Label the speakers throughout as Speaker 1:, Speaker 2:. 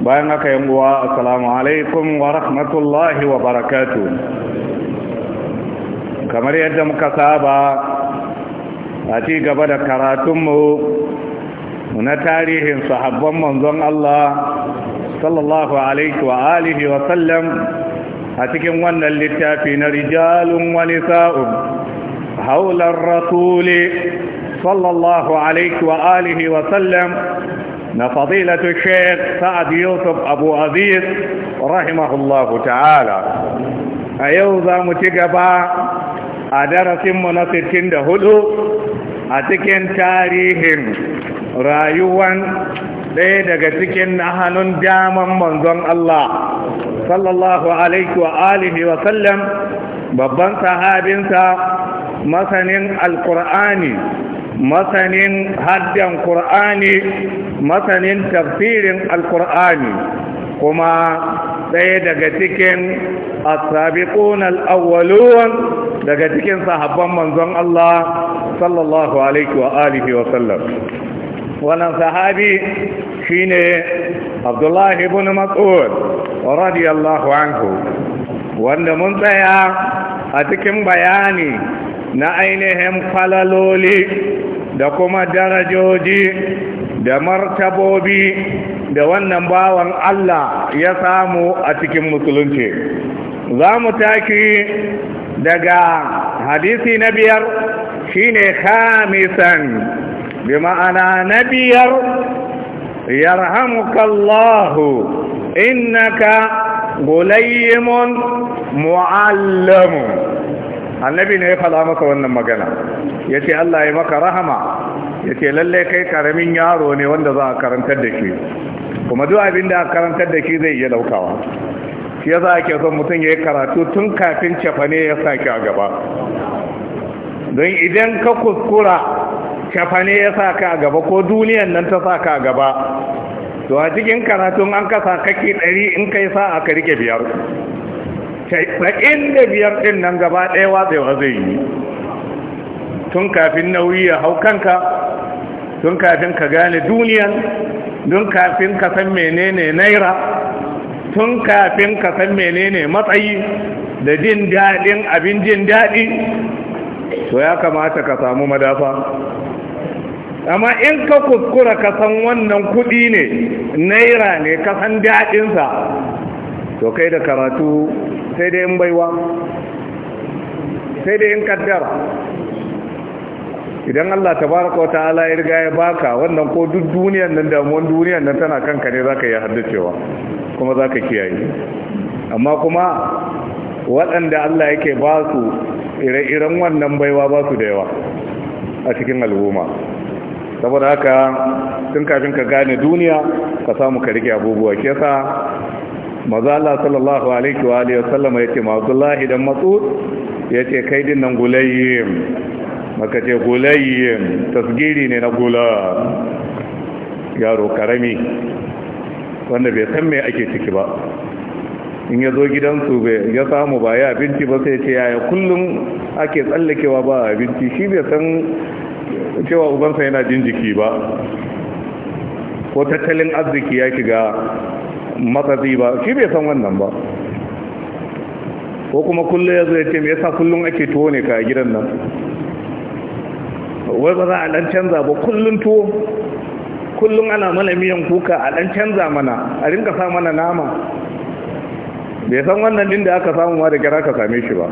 Speaker 1: bayan haka yin uwa assalamu alaikum wa rahmatullahi wa barakatu kamar yadda muka saba a ci gaba da karatunmu na tarihin sahabban manzon Allah sallallahu alaihi wa alihi wa sallam a cikin wannan littafi na rijalun wani sa'un haular rasuli sallallahu alaihi wa alihi wa sallam na fadilatun sheikh sa'ad yusuf abu aziz ta'ala a yau za mu ci gaba a darasinmu na da 64 a cikin tarihin rayuwan ɗaya daga cikin na ahalun daman manzon Allah sallallahu alaihi wa wa sallam babban sahabinsa masanin alkur'ani masanin haddan ƙur'ani masanin tafsirin Al-ƙur'ani, kuma ɗaya daga cikin asabiqun al daga cikin sahabban manzon Allah sallallahu alaihi wa alihi wa sallam wannan sahabi shine Abdullah ibn Mas'ud radiyallahu anhu wanda mun tsaya a cikin bayani na ainihin falaloli da kuma darajoji da martabobi da wannan bawan Allah ya samu a cikin musulunci za mu taki daga hadisi na biyar shine khamisan bi ma'ana na biyar yarhamukallahu innaka gulaymun mu'allamun annabi ne ya faɗa maka wannan magana ya ce Allah ya maka rahama ya ce lallai kai karamin yaro ne wanda za a karantar da shi kuma duk abin da a karantar da shi zai iya daukawa shi ya za a ke son mutum ya yi karatu tun kafin ne ya sa a gaba don idan ka kuskura ne ya sa ka a gaba ko duniyan nan ta sa ka a gaba to a cikin karatun an kasa kake ɗari in kai a ka rike biyar da biyar ɗin nan gaba ɗaya watsewa zai yi tun kafin nauyi ya hau kanka don kafin ka gane duniya, don kafin ka san menene naira tun kafin ka san menene matsayi da jin daɗin abin jin daɗi to ya kamata ka samu madafa amma in ka kuskura ka san wannan kuɗi ne naira ne ka san daɗinsa to kai da karatu sai dai in baiwa sai dai in kaddara idan Allah ta baraka wata ala ya riga ya baka wannan ko duk duniyar nan damuwan duniyar nan tana kanka ne zaka yi haddacewa kuma zaka kiyaye amma kuma waɗanda Allah yake ba su ire-iren wannan baiwa ba su da yawa a cikin al'umma saboda haka tun kafin ka gane duniya ka samu ka rike abubuwa ke sa maza Allah sallallahu alaihi wa alihi wasallama yace ma Abdullah idan matsu yace kai din nan gulayyim maka ce gulayyin tasgiri ne na gula yaro karami wanda bai san me ake ciki ba in ya zo gidansu ya samu ba ya abinci ba sai ce yaya kullum ake tsallakewa ba abinci shi bai san cewa ubansa yana jin jiki ba ko tattalin arziki ya shiga matsatsi ba shi bai san wannan ba ko kuma kullum ya zo ya ce me yasa kullum ake tuwo ne ka gidan nan wai ba za a dan canza ba kullum tuwo Kullum ana mana miyan kuka a dan canza mana a rinka sa mana nama bai san wannan din da aka samu ma da kira ka same shi ba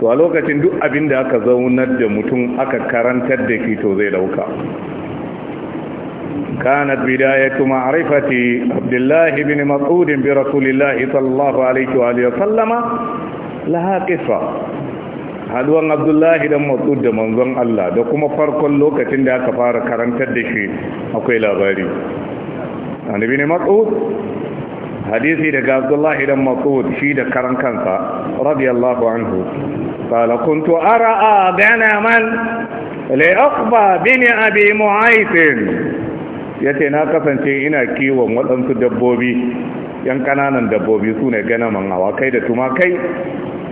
Speaker 1: to a lokacin duk abin da aka zaunar da mutum aka karantar da shi to zai dauka كانت بداية معرفة عبد الله بن مسعود برسول الله صلى الله عليه وآله وسلم haduwan abdullahi dan matsud da manzon Allah da kuma farkon lokacin da aka fara karantar da shi akwai labari annabi ne matsud hadisi daga abdullahi dan matsud shi da karan kansa radiyallahu anhu qala kuntu ara gana man li aqba bin abi mu'ayth yace na kasance ina kiwon waɗansu dabbobi yan kananan dabbobi su ne ganaman awakai da tumakai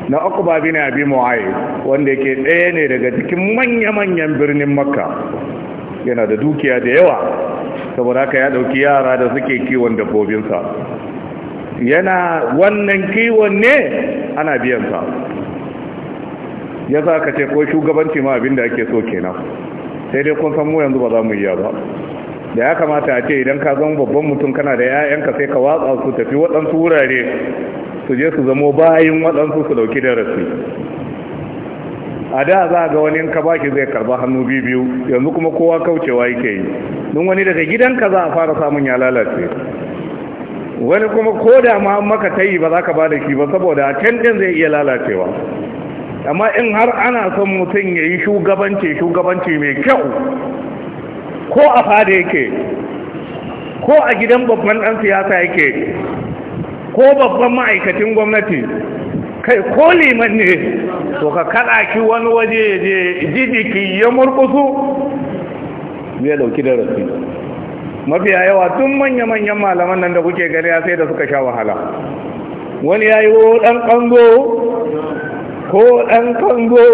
Speaker 1: na uku ba bi na bi mu'ayi wanda yake ɗaya ne daga cikin manya-manyan birnin Makka yana da dukiya da yawa saboda haka ya ɗauki yara da suke kiwon dabbobinsa yana wannan kiwon ne ana biyansa ya za ka ce ko shugabanci ma abinda ake so kenan sai dai kun san mu yanzu ba za mu yi ba da ya kamata a ce idan ka zama babban mutum kana da 'ya'yanka sai ka watsa su tafi waɗansu wurare su je su zamo bayan waɗansu su ɗauki darasi a da za a ga wani ka baki zai karba hannu biyu biyu yanzu kuma kowa kaucewa yake yi don wani daga gidanka za a fara samun ya lalace wani kuma ko da ma maka ta yi ba za ka ba da shi ba saboda can ɗin zai iya lalacewa amma in har ana son mutum ya yi shugabanci shugabanci mai kyau ko a fada yake ko a gidan babban ɗan siyasa yake ko babban ma'aikacin gwamnati kai ko liman ne to ka kada ki wani waje je jijiki ya murkusu zai dauki darasi mafiya yawa tun manya-manyan malaman nan da kuke gani ya sai da suka sha wahala wani ya yi wo ɗan ƙango ko ɗan ƙango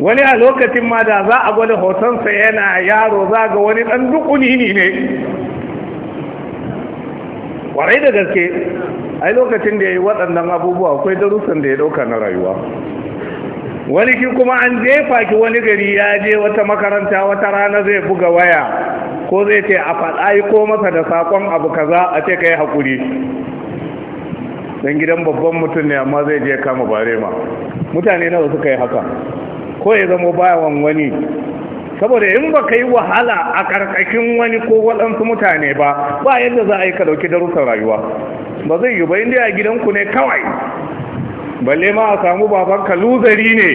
Speaker 1: wani a lokacin ma da za a gwada hotonsa yana yaro za ga wani ɗan dukuni ne warai da gaske ai lokacin da ya yi waɗannan abubuwa akwai darussan da ya ɗauka na rayuwa wani ki kuma an jefa ki wani gari ya je wata makaranta wata rana zai buga waya ko zai ce a faɗa ko masa da saƙon abu kaza a ce ka yi haƙuri Dan gidan babban mutum ne amma zai je kama barema mutane nawa suka yi haka ko ya zama bawan wani saboda in ba ka yi wahala a ƙarƙashin wani ko waɗansu mutane ba ba yadda za a yi ka ɗauki darussan rayuwa ba zai yi ba inda a gidanku ne kawai balle ma a samu babanka luzari ne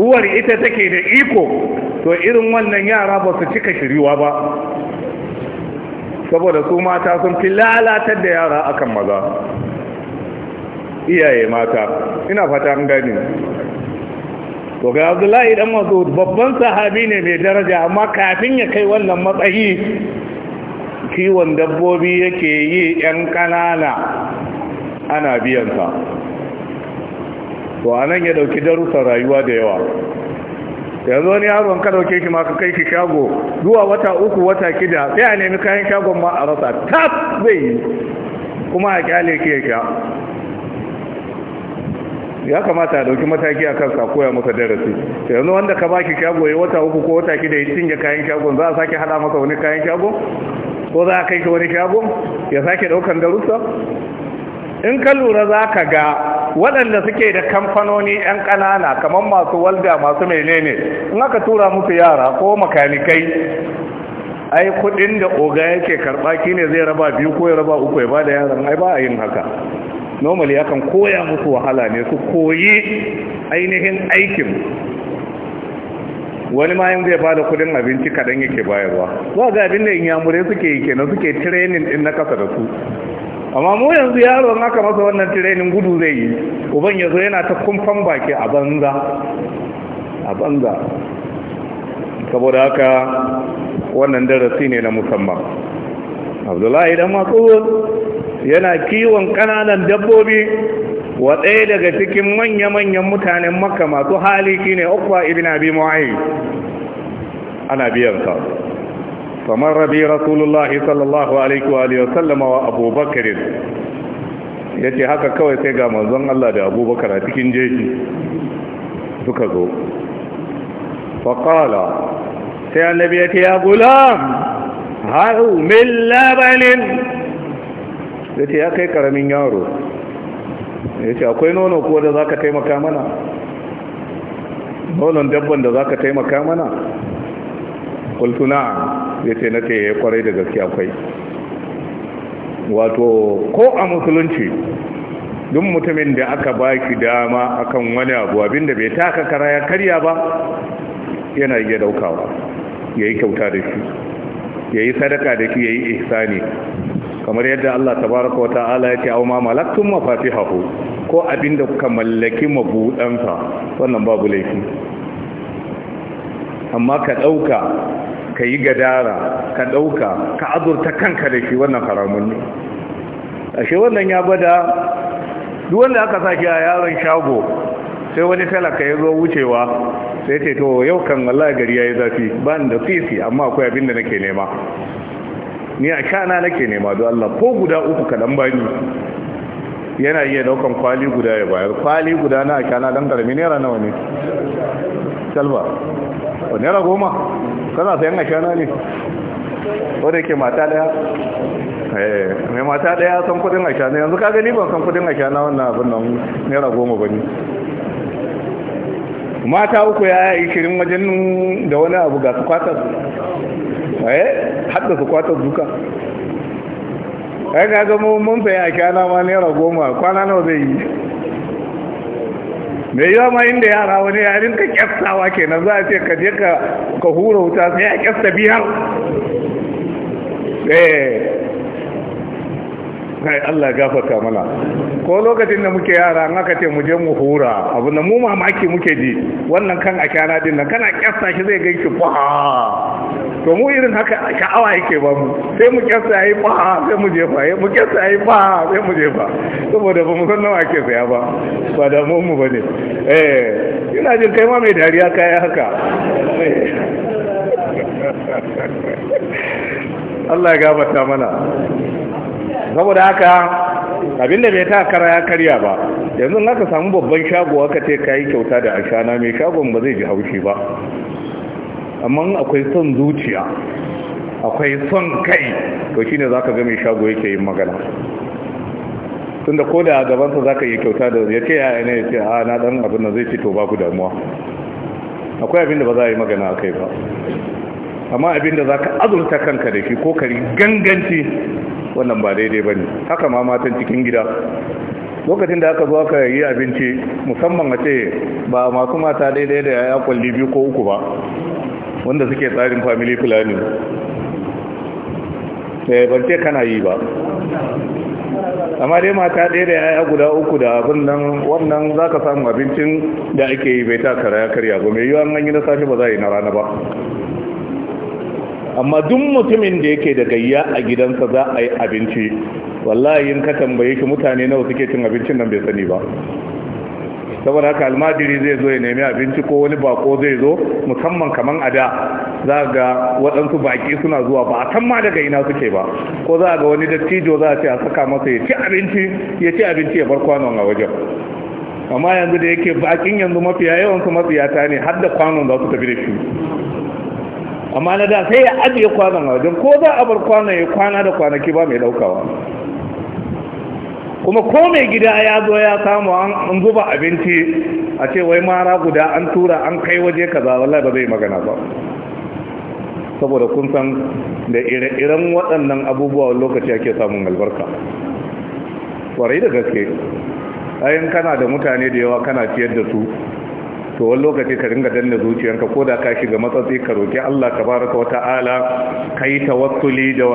Speaker 1: uwar ita take da iko to irin wannan yara ba su cika shiriwa ba saboda su mata sun fi lalatar da yara akan maza iyaye mata ina fata an gani to ga abdullahi dan masud babban sahabi ne mai daraja amma kafin ya kai wannan matsayi kiwon dabbobi yake yi yan kanana ana biyan sa. to anan ya dauki darussan rayuwa da yawa yanzu wani yaron ka dauke shi ma ka kai shi shago zuwa wata uku wata kida sai a nemi kayan shagon ma a rasa tab zai yi kuma a kyale ke ya ya kamata a dauki mataki a kansa koya masa darasi yanzu wanda ka baki shago ya wata uku ko wata kida ya cinye kayan shagon za a sake hada masa wani kayan shago ko za a kai shi wani shago ya sake daukan darussa in ka lura za ka ga waɗanda suke da kamfanoni 'yan ƙanana kamar masu walda masu menene in aka tura musu yara ko makanikai ai kudin da oga yake karba ne zai raba biyu ko ya raba uku ya bada yaran ai ba a yin haka normally kan koya musu wahala ne su koyi ainihin aikin wani ma yanzu ya bada kudin abinci kadan yake bayarwa za ga abin da yamurai suke yi kenan suke training din na kasa da su amma mu yanzu yaron aka masa wannan training gudu zai yi uban ya zo yana ta kumfan baki a banza a banza saboda haka wannan darasi ne na musamman abdullahi dan mas'ud yana kiwon kananan dabbobi wa ɗaya daga cikin manya-manyan mutanen makka masu hali shine ukwa ibn abi mu'ayyid ana biyan sa kamar rabi rasulullah sallallahu alaihi wa alihi wasallam wa abubakar yace haka kawai sai ga manzon Allah da abubakar a cikin jeji suka zo fa qala sai annabi yace ya gulam Haɗu min labanin ya ce ya kai karamin yaro ya ce akwai nono kuwa da za ka taimaka mana nonon dabban da za ka taimaka mana kultuna ya ce na ce ya eh, kwarai da gaske akwai wato ko a musulunci duk mutumin da aka ba shi dama akan wani abu abinda bai taka kara ya karya ba yana iya daukawa ya yi kyauta da shi yayi sadaka da shi yayi ihsani kamar yadda Allah tabaraka wa ta'ala ya ce aw ma mafafi mafatihahu ko abinda kuka mallaki mabudansa wannan babu laifi amma ka dauka ka yi gadara ka dauka ka azurta kanka da shi wannan haramun ne ashe wannan ya bada duk wanda aka saki a yaron shago sai wani talaka ya zo wucewa sai ce to yau kan Allah gari yayi zafi ba ni da sisi amma akwai abin da nake nema ni a kana nake nema don Allah ko guda uku kadan bani yana iya daukan kwali guda ya bayar kwali guda na kana dan karami ra nawa ne salwa ne ra goma kana sayan ashana ne ko da ke mata daya eh mai mata daya san kudin kana yanzu ka gani ban san kudin ashana wannan abin nan ra goma bane mata uku ya yi kirin wajen da wani abu ga su kwatar eh hadda su kwatar duka ai ga mu mun sai a kyana ma naira goma kwana nawa zai yi mai yawa ma inda yara wani yarin ka kyastawa kenan za a ce ka je ka hura wuta sai a kyasta biyar eh kai Allah gafarta mana ko lokacin da muke yara an aka ce mu je mu hura abu na mu mamaki muke ji wannan kan a kyana din nan kana kyasta shi zai ganki fa to mu irin haka sha'awa yake ba mu sai mu kyasta yayi fa sai mu je fa eh, mu kyasta yayi fa sai mu je fa saboda ba mu san nawa ake saya ba ba da mu mu bane eh ina jin kai ma mai dariya kai haka Allah ya gafarta mana saboda haka abinda bai ta kara ya karya ba yanzu aka samu babban shago aka ce kayi kyauta da ashana mai shagon ba zai ji haushi ba amma akwai son zuciya akwai son kai to shine zaka ga mai shago yake yin magana tunda ko da gabansa za ka yi kyauta da yace, ya ne ya ce a na dan abin da zai ci to babu damuwa akwai abin da ba za a yi magana a kai ba amma abinda za ka azurta kanka da shi ko kari ganganci wannan ba daidai ba ne haka ma matan cikin gida lokacin da aka zuwa ka yi abinci musamman a ce ba masu mata daidai da ya kwalli biyu ko uku ba wanda suke tsarin family planning eh ban ce kana yi ba amma dai mata ɗaya da yaya guda uku da abin nan wannan za ka samu abincin da ake yi bai takara ya karya ba mai yiwuwa an yi na safe ba za a yi na rana ba amma duk mutumin da yake da gayya a gidansa za a yi abinci wallahi in ka tambaye shi mutane nawa suke cin abincin nan bai sani ba saboda haka almajiri zai zo ya nemi abinci ko wani bako zai zo musamman kaman a da za ga waɗansu baki suna zuwa ba a kan ma daga ina suke ba ko za ga wani dattijo za a ce a saka masa ya ci abinci ya ci abinci ya bar kwanon a wajen amma yanzu da yake bakin yanzu mafiya yawan su matsiyata ne har da kwanon za su tafi da shi amma na da sai ya ajiye kwanan a wajen ko za a bar kwana ya kwana da kwanaki ba mai daukawa kuma ko mai gida ya zo ya samu an zuba abinci a ce wai mara guda an tura an kai waje kaza wallahi ba zai magana ba saboda kun san da ire-iren waɗannan abubuwa lokaci ake samun albarka kwarai da gaske ayin kana da mutane da yawa kana ciyar da su to wani lokaci ka ringa danna zuciyanka ko da ka shiga matsatsi ka roki Allah ka tabaraka wata'ala kai tawassuli da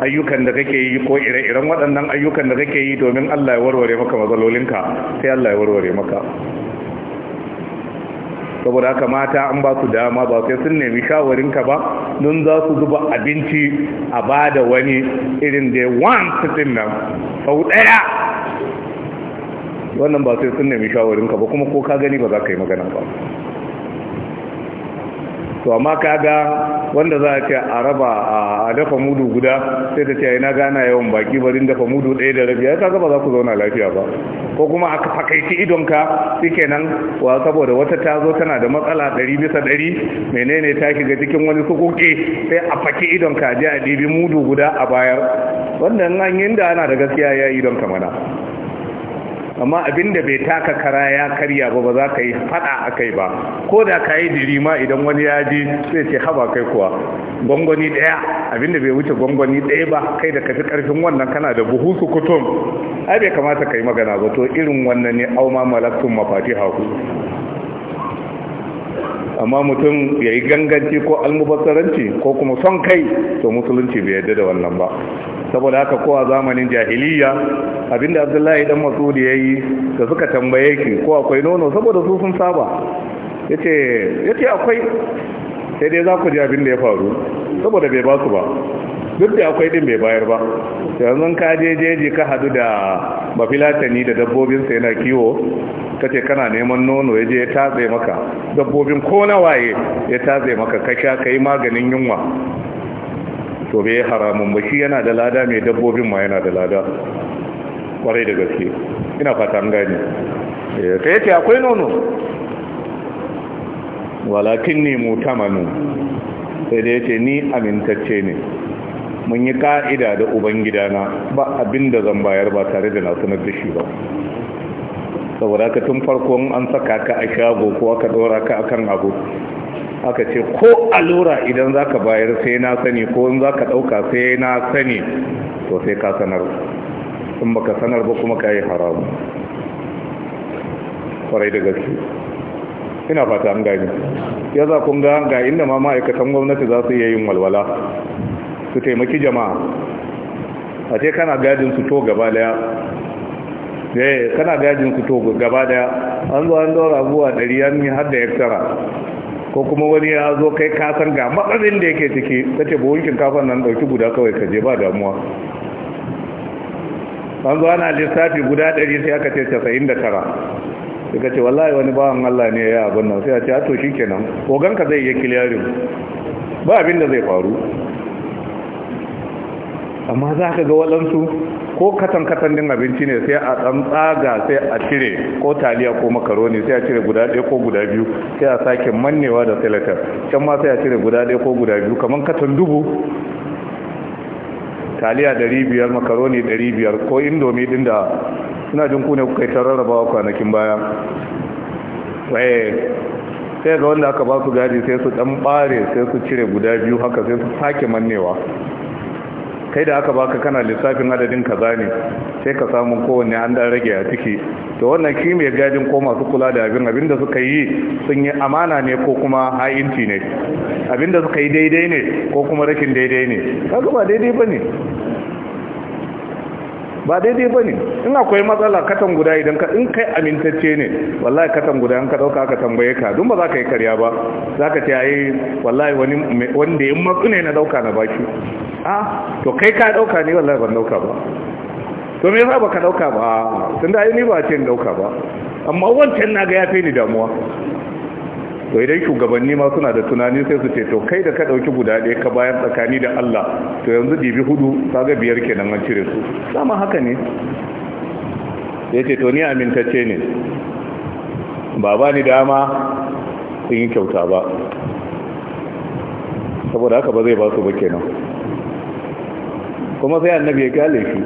Speaker 1: ayyukan da kake yi ko ire-iren waɗannan ayyukan da kake yi domin Allah ya warware maka matsalolinka sai Allah ya warware maka saboda haka mata an ba su dama ba sai sun nemi shawarinka ba don za su zuba abinci a ba da wani irin da ya wanta nan sau ɗaya wannan ba sai sun nemi shawarinka ba kuma ko ka gani ba za ka yi magana ba to amma ka ga wanda za a ce a raba a dafa mudu guda sai ta ce yana gana yawan baki barin dafa mudu ɗaya da rabi ya kaga ba za ku zauna lafiya ba ko kuma aka fakaici idonka shikenan wa saboda wata ta zo tana da matsala ɗari bisa ɗari menene ta ga cikin wani sukuke sai a faki idonka je a ɗibi mudu guda a bayar wannan an da ana da gaskiya ya yi idonka mana amma abin da bai taka kara ya karya ba ba za ka yi fada a kai ba ko da ka yi dirima idan wani ya ji sai ce haba kai kuwa gwangwani daya abinda bai wuce gwangwani daya ba kai da kafi karfin wannan kana da buhu su kutum ai bai kamata ka yi magana ba to irin wannan ne auma malaktun haku amma mutum ya yi ganganci ko almubasaranci ko kuma son kai to musulunci bai yadda da wannan ba saboda haka kowa zamanin jahiliya abinda abdullahi dan masudi ya yi da suka tambaye ki ko akwai nono saboda su sun saba ya ce akwai sai dai za ku ji abinda ya faru saboda bai ba su ba duk da akwai din bai bayar ba yanzu ka je jeji ka hadu da bafilatani da dabbobinsa yana kiwo ka ce kana neman nono ya je ya tatse maka dabbobin ko na waye ya tatse maka ka sha ka yi maganin yunwa to bai haramun ba shi yana da lada mai dabbobin ma yana da lada kwarai da gaske ina fata an gane ta eh, yace akwai nono walakin ne mutamanu sai da yace ni amintacce ne mun yi ka'ida da ubangidana ba abin da zan bayar ba tare da na sanar da shi ba saboda ka tun farkon an saka ka a shago ko aka dora ka akan abu aka ce ko allura idan za ka bayar sai na sani ko in za ka ɗauka sai na sani to sai ka sanar in baka sanar ba kuma ka yi haramu kwarai da gaske ina fata an gani ya za kun ga ga inda ma ma'aikatan gwamnati za su iya yin walwala su taimaki jama'a a ce kana gajin su to gaba daya eh kana gajin su to gaba daya an zo an daura abuwa ɗari an yi har da yaktara ko kuma wani ya zo kai kasan ga matsalin da yake ciki ta ce buwunkin kafan nan ɗauki guda kawai ka je ba damuwa an zo ana lissafi guda ɗari sai aka ce casa'in da tara suka ce wallahi wani bawan Allah ne ya abin nan sai a ce a to shi kenan oganka zai yi kiliyarin ba abin da zai faru amma za ka ga waɗansu ko katon-katon din abinci ne sai a tsamtsaga sai a cire ko taliya ko makaroni sai a cire guda ɗaya ko guda biyu sai a sake mannewa da silatar can ma sai a cire guda ɗaya ko guda biyu kamar katon dubu taliya ɗari biyar makaroni ɗari biyar ko indomi ɗin da suna jin ku ne kuka yi ta rarrabawa kwanakin baya sai ga wanda aka ba su gadi sai su ɗan ɓare sai su cire guda biyu haka sai su sake mannewa kai da aka baka kana lissafin adadin kaza ne sai ka samu kowanne an dan rage a ciki to wannan ki mai gadin ko masu kula da abin abin da suka yi sun yi amana ne ko kuma ha'inci ne abin da suka yi daidai ne ko kuma rashin daidai ne kaga ba daidai bane ba daidai ba ne in akwai matsala katon guda idan ka in kai amintacce ne wallahi katon guda in ka ɗauka aka tambaye ka don ba za ka yi karya ba za ka ce yi wallahi wani wanda ya matsu ne na ɗauka na baki a to kai ka ɗauka ne wallahi ban ɗauka ba to me yasa ka ɗauka ba tun da ni ba ce ni ɗauka ba amma wancan na ga ya fi ni damuwa to idan shugabanni ma suna da tunani sai su ce to kai da ka dauki guda ɗaya ka bayan tsakani da Allah to yanzu dibi hudu kaga biyar kenan an cire su sama haka ne yace to ni amintacce ne ba ba ni dama in yi kyauta ba saboda haka ba zai ba su ba kenan kuma sai annabi ya kyale shi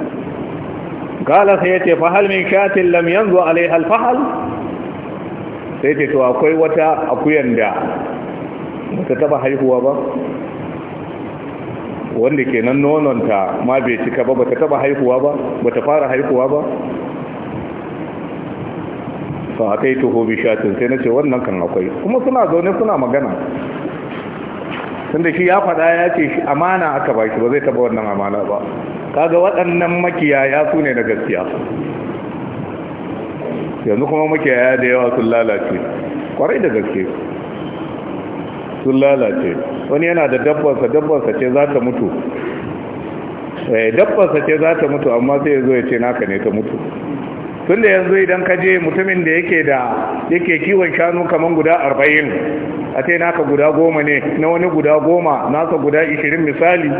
Speaker 1: kala sai yace fa hal min shatin lam yanzu alaiha al fahal sai ce to akwai wata akuyan da ta taba haihuwa ba wanda ke nan nononta ma bai cika ba ta taba haihuwa ba ba ta fara haihuwa ba fa akai tuho bishatin sai nace wannan kan akwai kuma suna zaune suna magana tunda shi ya faɗa ya ce shi amana aka ba shi ba zai taba wannan amana ba kaga waɗannan makiyaya su ne na gaskiya yanzu kuma muke ya da yawa sun lalace kwarai da gaske sun lalace wani yana da dabbansa dabbansa ce za ta mutu eh, dabbansa ce za ta mutu amma sai ya zo ya ce naka ne ta mutu tun da yanzu idan ka je mutumin da yake da yake kiwon shanu kamar guda arba'in a ce naka guda goma ne na wani guda goma nasa guda ishirin misali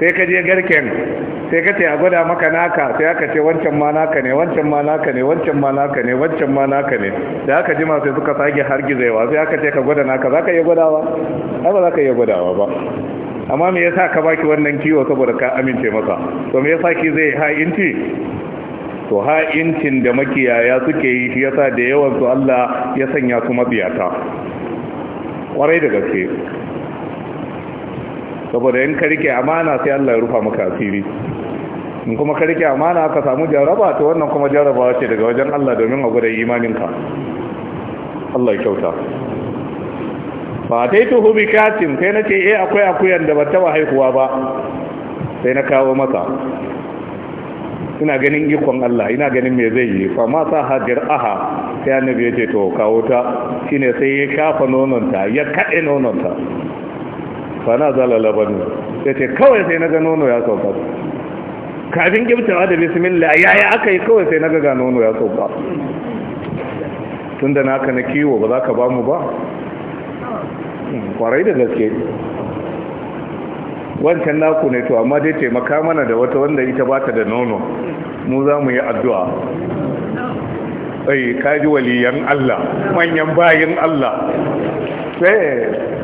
Speaker 1: sai ka je garken sai ka ce a gwada maka naka sai aka ce wancan ma naka ne wancan ma naka ne wancan ma naka ne wancan ma naka ne da aka ji masu suka sage gizewa, sai aka ce ka gwada naka za ka iya gwadawa ai ba za ka iya gwadawa ba amma me yasa ka baki wannan kiwo saboda ka amince masa to me yasa ki zai ha'inci to ha'incin da makiyaya suke yi shi yasa da yawan su Allah ya sanya su mabiyata kwarai da gaske saboda yin karike rike amana sai Allah ya rufa maka asiri in kuma karike amana ka samu jaraba to wannan kuma jarabawa ce daga wajen Allah domin a gwada imaninka Allah ya kyauta ba ta yi tuhu katin sai na ce eh akwai akuyan da ba taba haihuwa ba sai na kawo masa ina ganin ikon Allah ina ganin me zai yi fa ma sa hadir aha sai annabi ya ce to kawo ta shine sai ya kafa nononta ya kade nononta fana zala ne. ya ce kawai sai na ga nono ya sauka kafin gimtawa da bismillah yi aka yi kawai sai na ga nono ya sauka tun da naka na kiwo ba za ka ba mu ba hmm, kwarai da gaske wancan naku ne to amma dai taimaka mana da wata wanda ita ba ta da nono mu za mu yi addu'a ai kaji waliyan Allah manyan bayin Allah sai eh.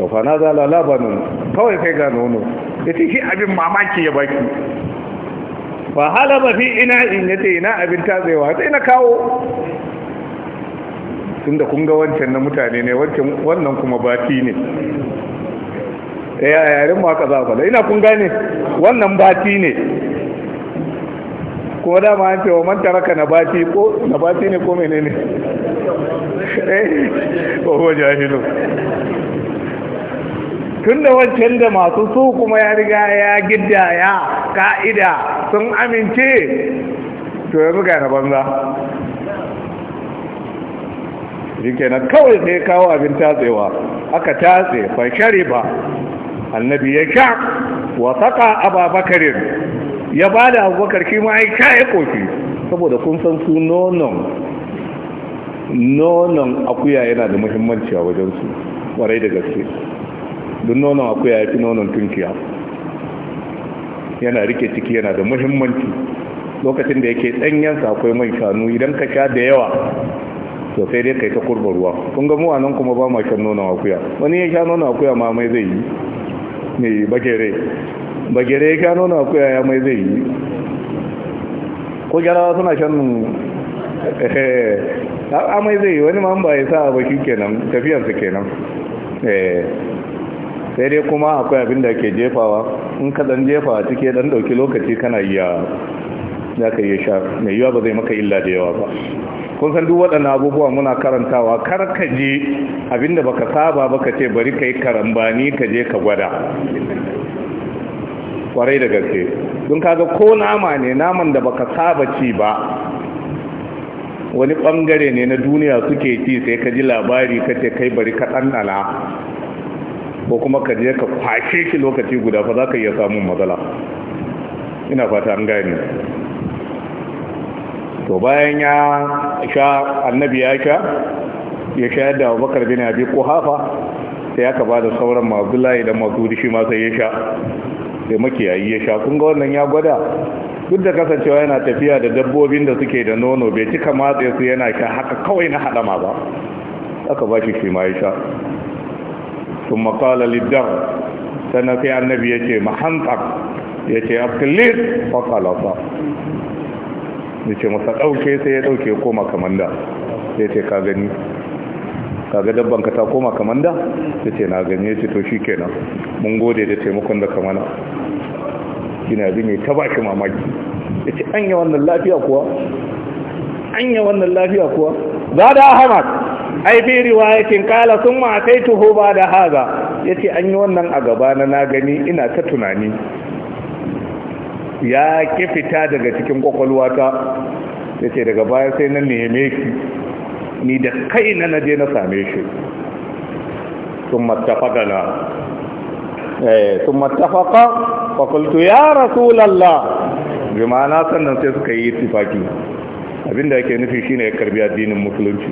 Speaker 1: Tofa na na zala labanun kawai kai ga nono ya ce shi abin mamaki ya baki ba hala ba fi ina in ya ce ina abin tatsewa sai na kawo tun kun ga wancan na mutane ne wannan kuma bati ne ya yarin ma kaza fada ina kun gane wannan bati ne kuma dama an ce wa man taraka na bati ko na bati ne ko menene eh ko wajahilu tun da wancan da masu su kuma ya riga ya gidaya ka'ida sun amince to yanzu ga na banza shi na kawai sai kawo abin tatsewa aka tatse fashari ba annabi ya sha wasaka ababakarin ya ba da abubakar kima ya sha ya kofi saboda kun san su nonon nonon akuya yana da muhimmanci a wajensu kwarai da gaske don nonon akuya ya fi nonon tunkiya yana rike ciki yana da muhimmanci lokacin da yake ɗanyensa akwai mai shanu idan ka sha da yawa to sai dai kai ta kurbar ruwa kun ga muwa nan kuma ba ma shan nonon akuya wani ya sha nonon akuya ma mai zai yi mai bagere bagere ya sha nonon akuya ya mai zai yi ko gyarawa suna shan eh, amai zai yi wani ma ba ya sa ba shi kenan tafiyarsa kenan eh. sai dai kuma akwai abin da ke jefawa in ka dan jefa a cike dan dauki lokaci kana iya za ka iya sha mai yiwa ba zai maka illa da yawa ba kun san duk waɗannan abubuwa muna karantawa kar ka je abin da baka saba baka ce bari ka yi karambani ka je ka gwada kwarai da gaske don kaga ko nama ne naman da baka saba ci ba wani bangare ne na duniya suke ci sai ka ji labari ka ce kai bari ka ɗanɗana ko kuma ka je ka kwashe shi lokaci guda fa za ka iya samun matsala ina fata an gane to bayan ya sha annabi ya sha ya shayar da abubakar bin abi kuhafa sai aka ba da sauran layi da mazuri shi ma sai ya sha sai makiyayi ya sha kun ga wannan ya gwada duk da kasancewa yana tafiya da dabbobin da suke da nono bai cika matse su yana sha haka kawai na haɗama ba aka ba shi shi ma ya sha ثم قال للدر سنتي النبي يتي محنطق يتي أبتليت فقال yace masa dauke sai ya كي يقوم kamanda yace ka kaga dabban ka ta koma da yace na gani yace to shikenan mun gode da taimakon da kamana kina bi ne ta baki mamaki yace anya wannan lafiya kuwa anya wannan lafiya kuwa da da ahmad ai bi riwayatin kala sun ataituhu kai ba da haza ya ce an yi wannan a gaba na na gani ina ta tunani ya ke fita daga cikin kwakwalwata ya ce daga baya sai na neme ki ni da kaina na je na same shi sun mattafakana eh, tafaqa fa qultu ya rasulallah jimana sannan sai suka yi tifaki abinda yake nufi shine ya karbi addinin musulunci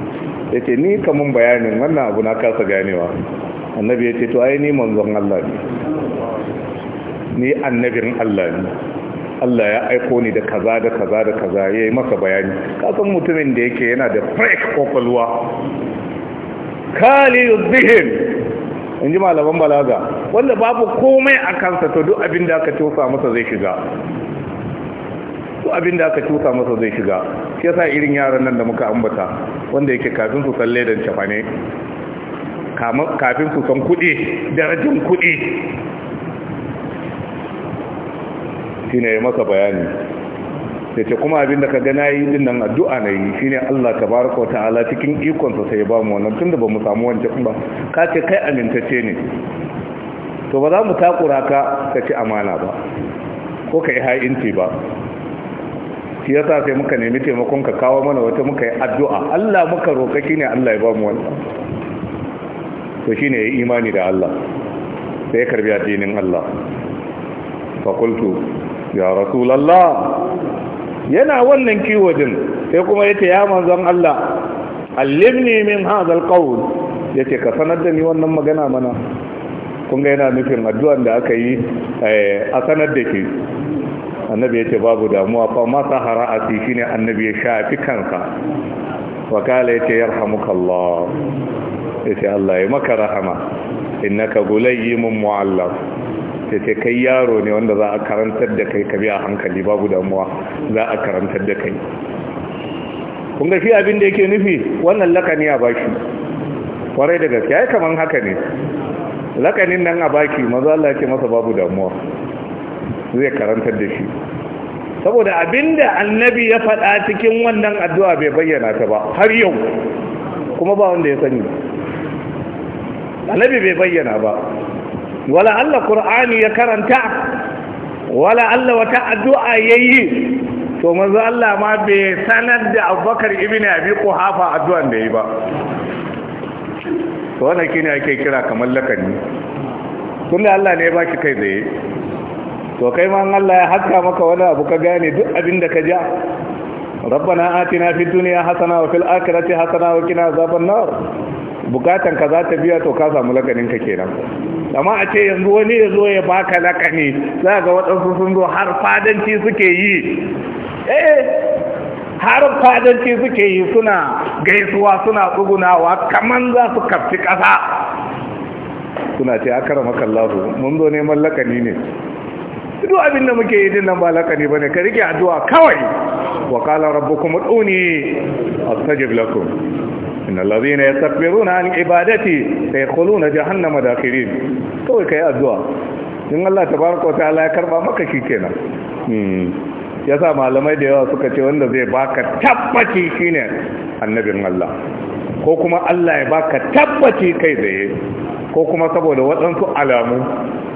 Speaker 1: ya ce ni kamun bayanin wannan abu na kasa ganewa annabi ya ce to ai ni manzon Allah ne ni annabin Allah ne Allah ya aiko ni da kaza da kaza da kaza ya yi masa bayani kasan mutumin da yake yana da fresh kwakwalwa kali zihin in ji malaman balaga wanda babu komai a kansa to duk abin da aka cusa masa zai shiga duk abin da aka cusa masa zai shiga shi yasa irin yaran nan da muka ambata wanda yake kafin ku san ledan cefa ne kafin ku san kudi, darajin kudi. shi ne masa bayani da ce kuma abinda ka gana yi din nan addu'a na yi shi ne Allah ta baraka wata ala cikin ikonsa sai ba mu wannan tun da ba mu samu wancan ba ka ce kai amintacce ne to ba za mu takura ka ka ci amana ba ko ka yi ha'inci ba shi yasa sai muka nemi taimakon ka kawo mana wata muka yi addu'a Allah muka roƙa shine Allah ya ba mu wannan to shine yayi imani da Allah sai karbi addinin Allah fa qultu ya rasulullah yana wannan kiwo din sai kuma yace ya manzon Allah allimni min hadha qawl yace ka sanar da ni wannan magana mana kun ga yana nufin addu'an da aka yi eh, a sanar da ke annabi ya ce babu damuwa fa a hara'ati shine annabi ya shafi kansa wa kala ya ce Allah ya ce Allah ya maka rahama innaka gulayyimun mu'allaf ya ce kai yaro ne wanda za a karantar da kai ka a hankali babu damuwa za a karantar da kai kun ga shi abin da yake nufi wannan lakani a bashi. kwarai da gaskiya kaman haka ne lakanin nan a baki maza Allah ya ce masa babu damuwa zai karantar da shi saboda abinda annabi ya faɗa cikin wannan addu'a bai bayyana ta ba har yau kuma ba wanda ya sani annabi bai bayyana ba wala Allah Qur'ani ya karanta wala Allah wata addu'a yayi to manzo Allah ma bai sanar da Abubakar ibn Abi Quhafa addu'an da yayi ba to wannan kine ake kira kamar lakani tunda Allah ne ya baki kai zai to kai ma Allah ya haska maka wani abu ka gane duk abin da ka ja rabbana atina fid dunya hasana wa fil akhirati hasana wa qina azaban nar bukatan ka za ta biya to ka samu lakanin ka kenan amma a ce yanzu wani ya zo ya baka lakani za ga waɗansu sun zo har fadanci suke yi eh har fadanci suke yi suna gaisuwa suna tsugunawa kaman za su kafi ƙasa suna ce a makallahu mun zo neman lakani ne duk abin da muke yi dinnan ba lakani ne ka rike addu'a kawai wa qala rabbukum ud'uni astajib lakum inna alladhina yastakbiruna an ibadati sayakhuluna jahannama dakhirin kawai kai addu'a in Allah tabaraka ta'ala ya karba maka shikenan hmm. yasa malamai da yawa suka ce wanda zai baka tabbaci shine annabin Allah ko kuma Allah ya baka tabbaci kai zai ko kuma saboda waɗansu alamu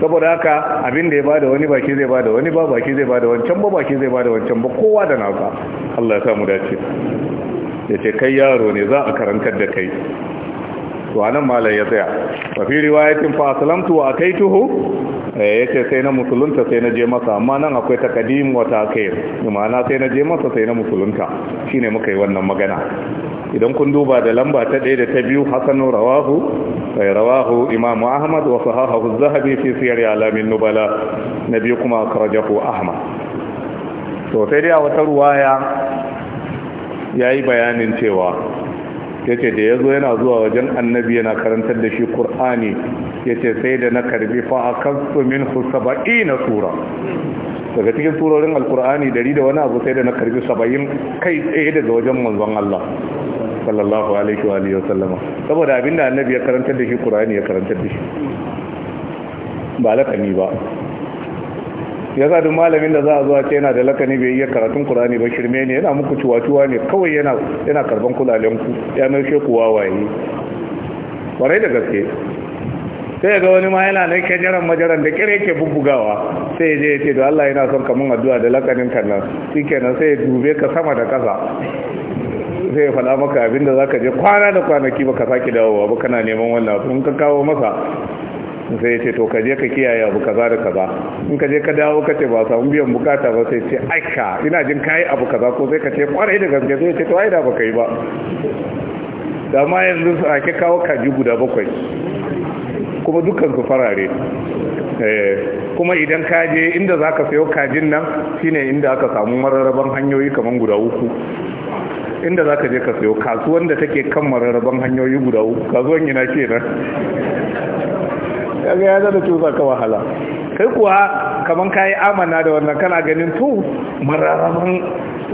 Speaker 1: saboda haka abin da ya bada wani baki zai bada wani ba baki zai bada wancan ba baki zai bada wancan ba kowa da nasa Allah ya samu dace ya ce kai yaro ne za a karantar da kai to anan malai ya tsaya fa fi riwayatin fa kai wa Ya eh, yace sai na musulunta sai na je masa amma nan akwai takadim wa ta'khir ma'ana sai na je masa sai na musulunta shine muka yi wannan magana idan kun duba da lamba ta ɗaya da ta biyu hasanu rawahu sai eh, rawahu imam ahmad wa sahahahu az-zahabi fi siyar alamin nubala nabi kuma akrajahu ahmad to sai dai a wata ruwaya yayi bayanin cewa ya ce da ya zo yana zuwa wajen annabi yana karantar da shi ƙur'ani ya ce sai da na karbi fa'akastu min husaba'i na sura daga cikin surorin alkur'ani dari da wani abu sai da na karbi saba'in kai tsaye daga wajen manzon Allah sallallahu alaihi wa alihi wasallama saboda abinda annabi ya karantar da shi ƙur'ani ya karantar da shi ba lakani ba ya sa duk malamin da za a zuwa ce yana da lakani bai iya karatun kurani ba shirme ne yana muku cuwa-cuwa ne kawai yana karban kulalen ku ya mai sheku waye kwarai da gaske sai ga wani ma yana nan kajaran majaran da kire yake bubbugawa sai ya je ya ce da Allah yana son kamun addu'a da lakanin ka nan shikenan sai ya dube ka sama da kasa zai faɗa maka abinda zaka je kwana da kwanaki baka saki dawowa ba kana neman wannan abin ka kawo masa sai ce to kaje ka kiyaye abu kaza da kaza in kaje ka dawo ka ce ba mun biyan bukata ba sai ce aika ina jin kai abu kaza ko sai ka ce kwarai da gaske sai ce to ai da baka yi ba da ma yanzu su ake kawo kaji guda bakwai kuma dukkan su farare eh, kuma idan kaje inda za ka sayo kajin nan shine inda aka samu mararraban hanyoyi kamar guda uku inda za ka je ka sayo kasuwan da take kan mararraban hanyoyi guda uku kasuwan ina ke nan kaga ya zada tusa ka wahala kai kuwa kaman kayi amana da wannan kana ganin to mararaban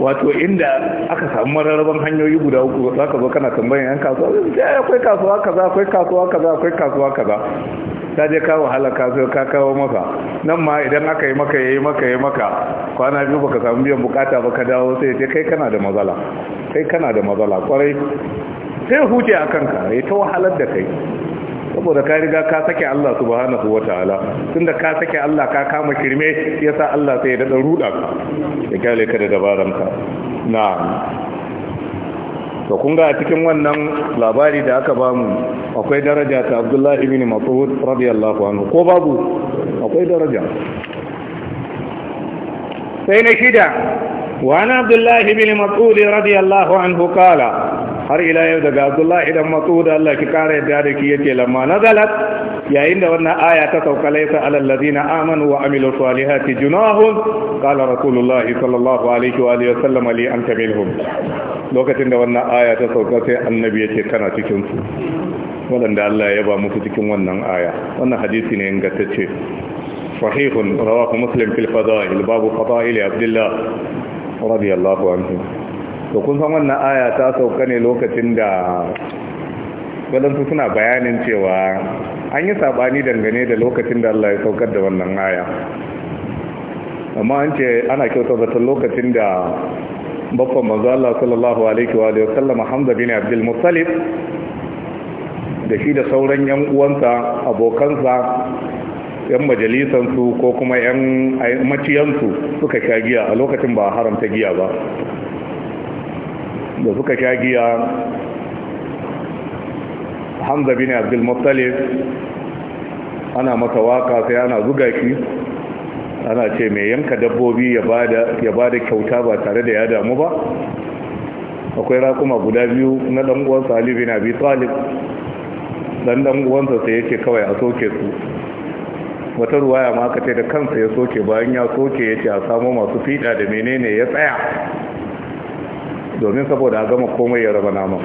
Speaker 1: wato inda aka samu mararaban hanyoyi guda uku za ka zo kana tambayan yan kasuwa eh, sai akwai kasuwa kaza akwai kasuwa kaza akwai kasuwa kaza ta je kawo wahala ka sai ka kawo maka nan ma idan aka yi maka yayi maka yayi maka kwana biyu baka samu biyan bukata ba ka dawo sai ce kai kana da mazala kai kana da mazala kwarai sai huce a kanka ya ta wahalar da kai saboda ka riga ka sake Allah subhanahu ta'ala tunda ka sake Allah ka kama kirme yasa Allah sai ya dada ruda ka ya kale ka da dabaran ka na'am to kun ga a cikin wannan labari da aka bamu akwai daraja ta Abdullah ibn Mas'ud radiyallahu anhu ko babu akwai daraja sai na shida وعن عبد الله بن مسعود رضي الله عنه قال har ila yau daga Abdullah idan matsu da Allah ki kara yadda da ki yake lamma nazalat yayin da wannan aya ta sauka laisa alal ladina amanu wa amilu salihati junahum qala rasulullah sallallahu alaihi wa alihi wasallam li an tabilhum lokacin da wannan aya ta sauka sai annabi yake kana cikin su wanda Allah ya ba musu cikin wannan aya wannan hadisi ne ingantacce sahihun rawahu muslim fil fadail babu fadail abdullah radiyallahu anhu to kun san wannan aya ta sauka ne lokacin da waɗansu suna bayanin cewa an yi saɓani dangane da lokacin da Allah ya saukar da wannan aya amma an ce ana kyauta zaton lokacin da babban manzo Allah sallallahu alaihi wa sallam Hamza bin Abdul Muttalib da shi da sauran yan uwansa abokansa yan majalisansu ko kuma yan maciyansu suka sha giya a lokacin ba haramta giya ba da suka sha giya hamza bin abdul muttalib ana masa waka sai ana zuga shi ana ce mai yanka dabbobi ya ba da kyauta ba tare da ya damu ba akwai rakuma guda biyu na dan uwansa ali talib dan dan uwansa sai yake kawai a soke su wata ruwaya ma aka ce da kansa ya soke bayan ya soke ya ce a samo masu fiɗa da menene ya tsaya domin saboda a gama komai ya raba nama.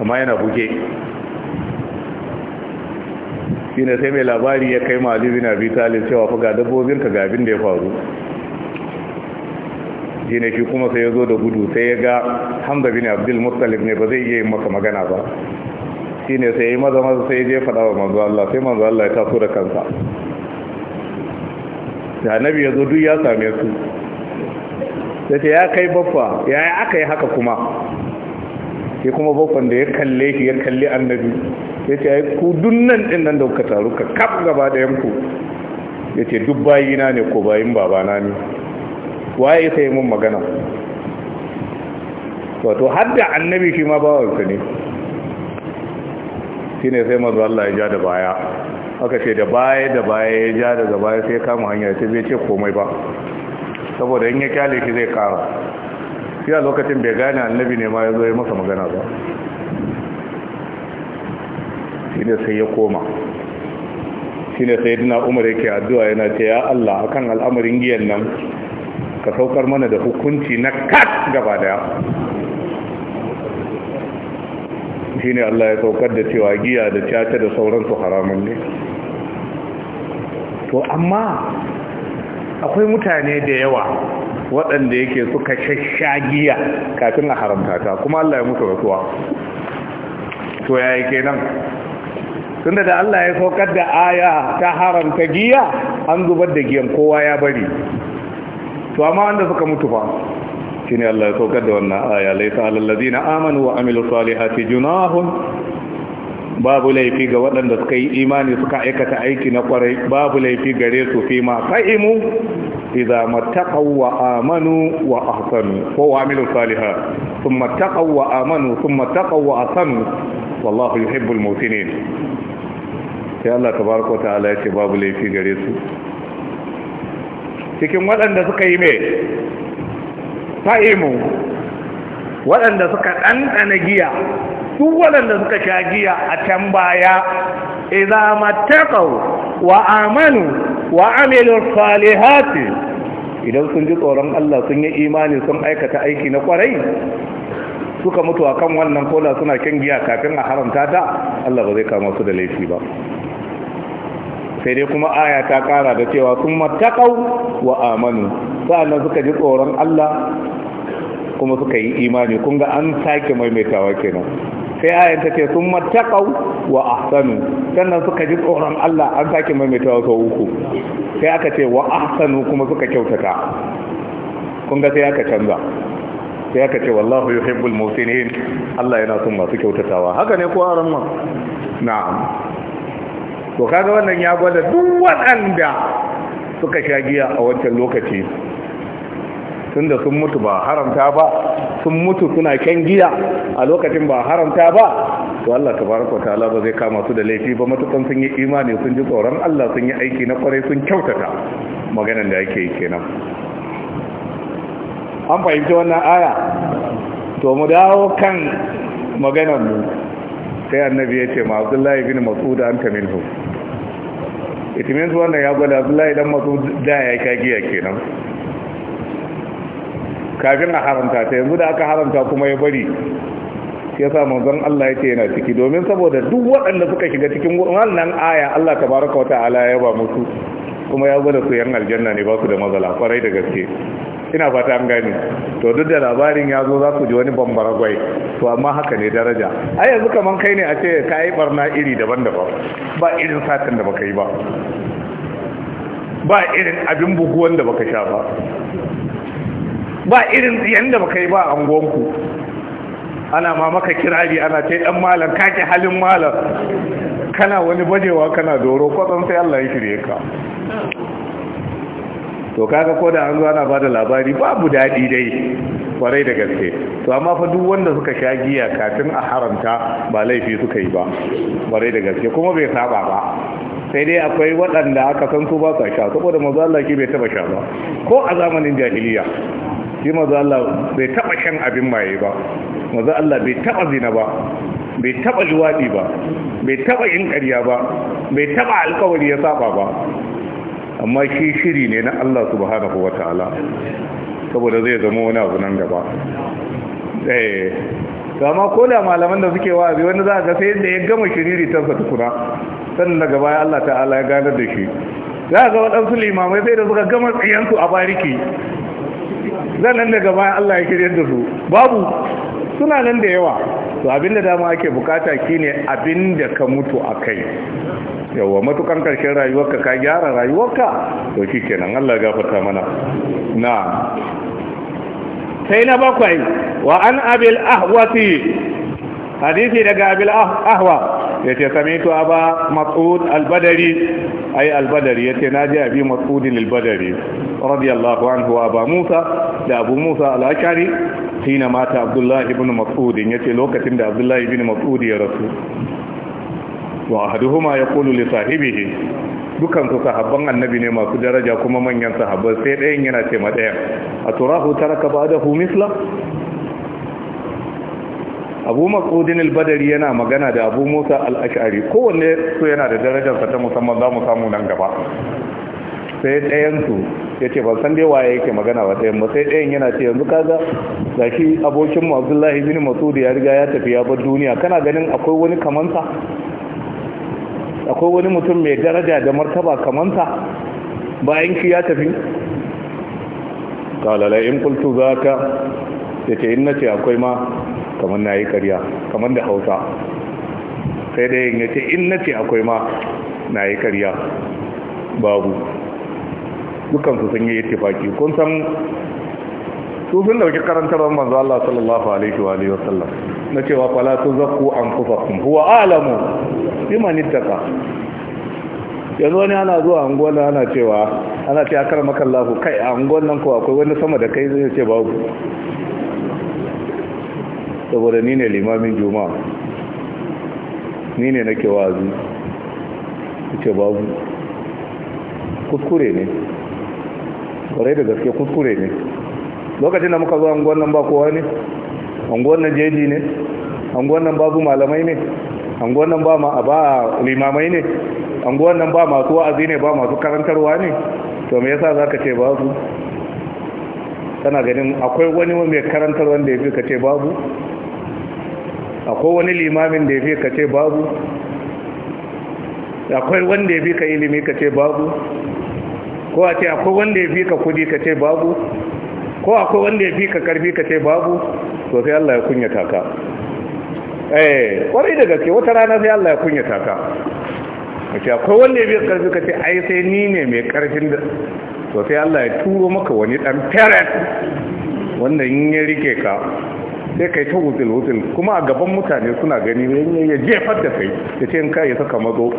Speaker 1: amma yana buge shi ne sai mai labari ya kai malibu na vitalin cewa fi ga dabbobin ga abin da ya faru shi ne shi kuma sai ya zo da gudu sai ya ga hamza bin abdul muttalib ne ba zai iya yi maka magana ba Shi ne sai yi maza maza sai je faɗa wa manzo Allah sai manzo Allah ya taso da kansa da nabi ya zo duk ya same su ya ce ya kai baffa ya yi aka yi haka kuma ke kuma baffan da ya kalle shi ya kalli annabi ya ce ya yi ku nan ɗin nan da kuka taru ka kaf gaba ɗayan ku ya ce duk bayina ne ko bayin babana ne waye sai mun magana wato har da annabi shi ma bawansa ne shine sai manzo Allah ya ja da baya aka ce da baya da baya ya ja daga baya sai kama hanya sai bai ce komai ba saboda in ya kyale shi zai kara sai a lokacin bai gane annabi ne ma ya zo ya masa magana ba shine sai ya koma shine sai dina umar yake addu'a yana ce ya Allah akan al'amarin giyan nan ka saukar mana da hukunci na kat gaba daya shine Allah ya saukar da cewa giya da caca da sauransu haramun ne to amma akwai mutane da yawa waɗanda yake suka giya kafin a haramta ta kuma Allah ya mutu rasuwa to ya yi kenan tunda da Allah ya saukar da aya ta haramta giya an zubar da giyan kowa ya bari to amma wanda suka mutu ba shine Allah ya saukar da wannan aya laysa alal ladina amanu wa amilu salihati junahun babu laifi ga waɗanda suka yi imani suka aikata aiki na kwarai babu laifi gare su fi ma fa'imu idza mattaqaw wa amanu wa ahsanu wa amilu salihat thumma taqaw wa amanu thumma taqaw wa ahsanu wallahu yuhibbul muhsinin sai Allah tabaraka ta'ala ya ce babu laifi gare su cikin waɗanda suka yi mai fa'imu waɗanda suka ɗanɗana giya duk waɗanda suka sha giya a can baya idza wa amanu wa amilu salihati idan sun ji tsoron Allah sun yi imani sun aikata aiki na kwarai suka mutu a kan wannan kola suna kyan giya kafin a haramta ta Allah ba zai kama su da laifi ba sai dai kuma aya ta kara da cewa sun matakau wa amanu sa'annan suka ji tsoron Allah kuma suka yi imani kun ga an sake maimaitawa kenan sai ayan ta ce sun matakau wa ahsanu sannan suka ji tsoron Allah an sake maimaitawa sau uku sai aka ce wa ahsanu kuma suka kyautata kun ga sai aka canza sai aka ce wallahu yuhibbul muhsinin Allah yana son masu kyautatawa haka ne ko aran ma na'am to kaga wannan ya gwada duk waɗanda suka sha giya a wancan lokaci tunda sun mutu ba haramta ba sun mutu suna kyan giya a lokacin ba haramta ba to Allah tabaraka ta'ala ba zai kama su da laifi ba matukan sun yi imani sun ji tsoron Allah sun yi aiki na kwarai sun kyautata maganan da ake yi kenan an fahimci wannan aya to mu dawo kan maganan mu sai annabi ya ce ma Abdullahi bin Mas'ud ta minhu itimin su wannan ya gwada abdullahi dan masu da ya kagiya kenan kafin a haramta ta yanzu da aka haramta kuma ya bari ya sa manzon Allah ya ce yana ciki domin saboda duk waɗanda suka shiga cikin wannan aya Allah ta baraka wata ala ya ba musu kuma ya gwada su yan aljanna ne ba su da mazala kwarai da gaske ina fata an gani to duk da labarin ya zo za ku ji wani bambara gwai to amma haka ne daraja ai yanzu kaman kai ne a ce ka yi barna iri daban-daban ba irin satin da baka yi ba ba irin abin buguwan da baka sha ba ba irin tsiyan da baka yi ba a angonku ana ma maka kirari ana ce dan malam kake halin malam kana wani bajewa kana doro kwatsam sai Allah ya shirye ka to kaga ko da an zo ana bada labari babu dadi dai kwarai da gaske to amma fa duk wanda suka sha giya kafin a haramta ba laifi suka yi ba kwarai da gaske kuma bai saba ba sai dai akwai waɗanda aka san su ba sha saboda manzo Allah bai taba sha ba ko a zamanin jahiliya shi maza Allah bai taba shan abin maye ba maza Allah bai taba zina ba bai taba juwaɗi ba bai taba yin ƙarya ba bai taba alkawari ya saba ba amma shi shiri ne na Allah su subhanahu wa ta'ala saboda zai zama wani abu nan gaba eh ko da malaman da suke wa'azi wani za ka sai da ya gama shiriri tansa tukuna sannan daga baya Allah ta'ala ya ganar da shi za ga waɗansu limamai sai da suka gama tsayensu a bariki Zan nan daga bayan Allah ya shirya da su babu suna nan da yawa to abinda dama ake bukata shine abinda ka mutu a kai yawa matukan karshen rayuwarka ka gyara rayuwarka to shikenan Allah ya gafarta mana na sai na bakwai wa an abil ahwati hadisi daga abil ah-, ahwa yace samitu aba mas'ud Albadari. badri Albadari ya ce yace naji abi mas'ud Albadari. badri radiyallahu anhu wa musa da abu musa al-ashari mata Abdullahi ibn mas'ud yace lokacin da Abdullahi ibn mas'ud ya rasu wa ahaduhuma ya li sahibihi dukan su sahabban annabi ne masu daraja kuma manyan sahabbai sai ɗayan yana ce ma ɗayan a turahu taraka hu misla abu matsudin albadari yana magana da abu musa al'ashari kowanne su yana da darajarsa ta musamman za mu samu nan gaba sai ɗayansu ya ce ban san dai waye yake magana ba ɗayan ba sai ɗayan yana ce yanzu kaga ga shi abokinmu abdullahi bin masudu ya riga ya tafi ya bar duniya kana ganin akwai wani kamansa akwai wani mutum mai daraja da martaba kamansa bayan shi ya tafi kalala in kultu za ka ya ce in na ce akwai ma kamar na yi karya kamar da hausa sai dai yin yace in na ce akwai ma na yi karya babu dukansu sun yi faki, kun san su sun dauki karantarwar manzo Allah sallallahu alaihi wa Alaihi wasallam na cewa an kufa kun huwa a'lamu biman ittaqa yanzu wani ana zuwa anguwan ana cewa ana ce akar lafu kai a anguwan nan ko akwai wani sama da kai zai ce babu saboda ni ne limamin juma'a ni ne nake wazi ce babu kuskure ne kwarai da gaske kuskure ne lokacin da muka zo an nan ba kowa ne an nan jeji ne an nan babu malamai ne an nan ba ma ba limamai ne an nan ba masu wa'azi ne ba masu karantarwa ne to me yasa zaka ce babu kana ganin akwai wani mai karantar wanda ya fi ka ce babu akwai wani limamin da ya fi ka ce babu akwai wanda ya fi ka ilimi ka ce babu ko a ce akwai wanda ya fi ka kudi ka ce babu ko akwai wanda ya fi ka karfi ka ce babu to sai Allah ya kunyata ka eh kwarai da gaske wata rana sai Allah ya kunyata ka ce akwai wanda ya fi karfi ka ce ai sai ni ne mai karfin da to sai Allah ya turo maka wani dan parent Wannan in ya rike ka sai kai ta wutsil wutsil kuma a gaban mutane suna gani ya jefar da kai ya ce in ka ya saka mazo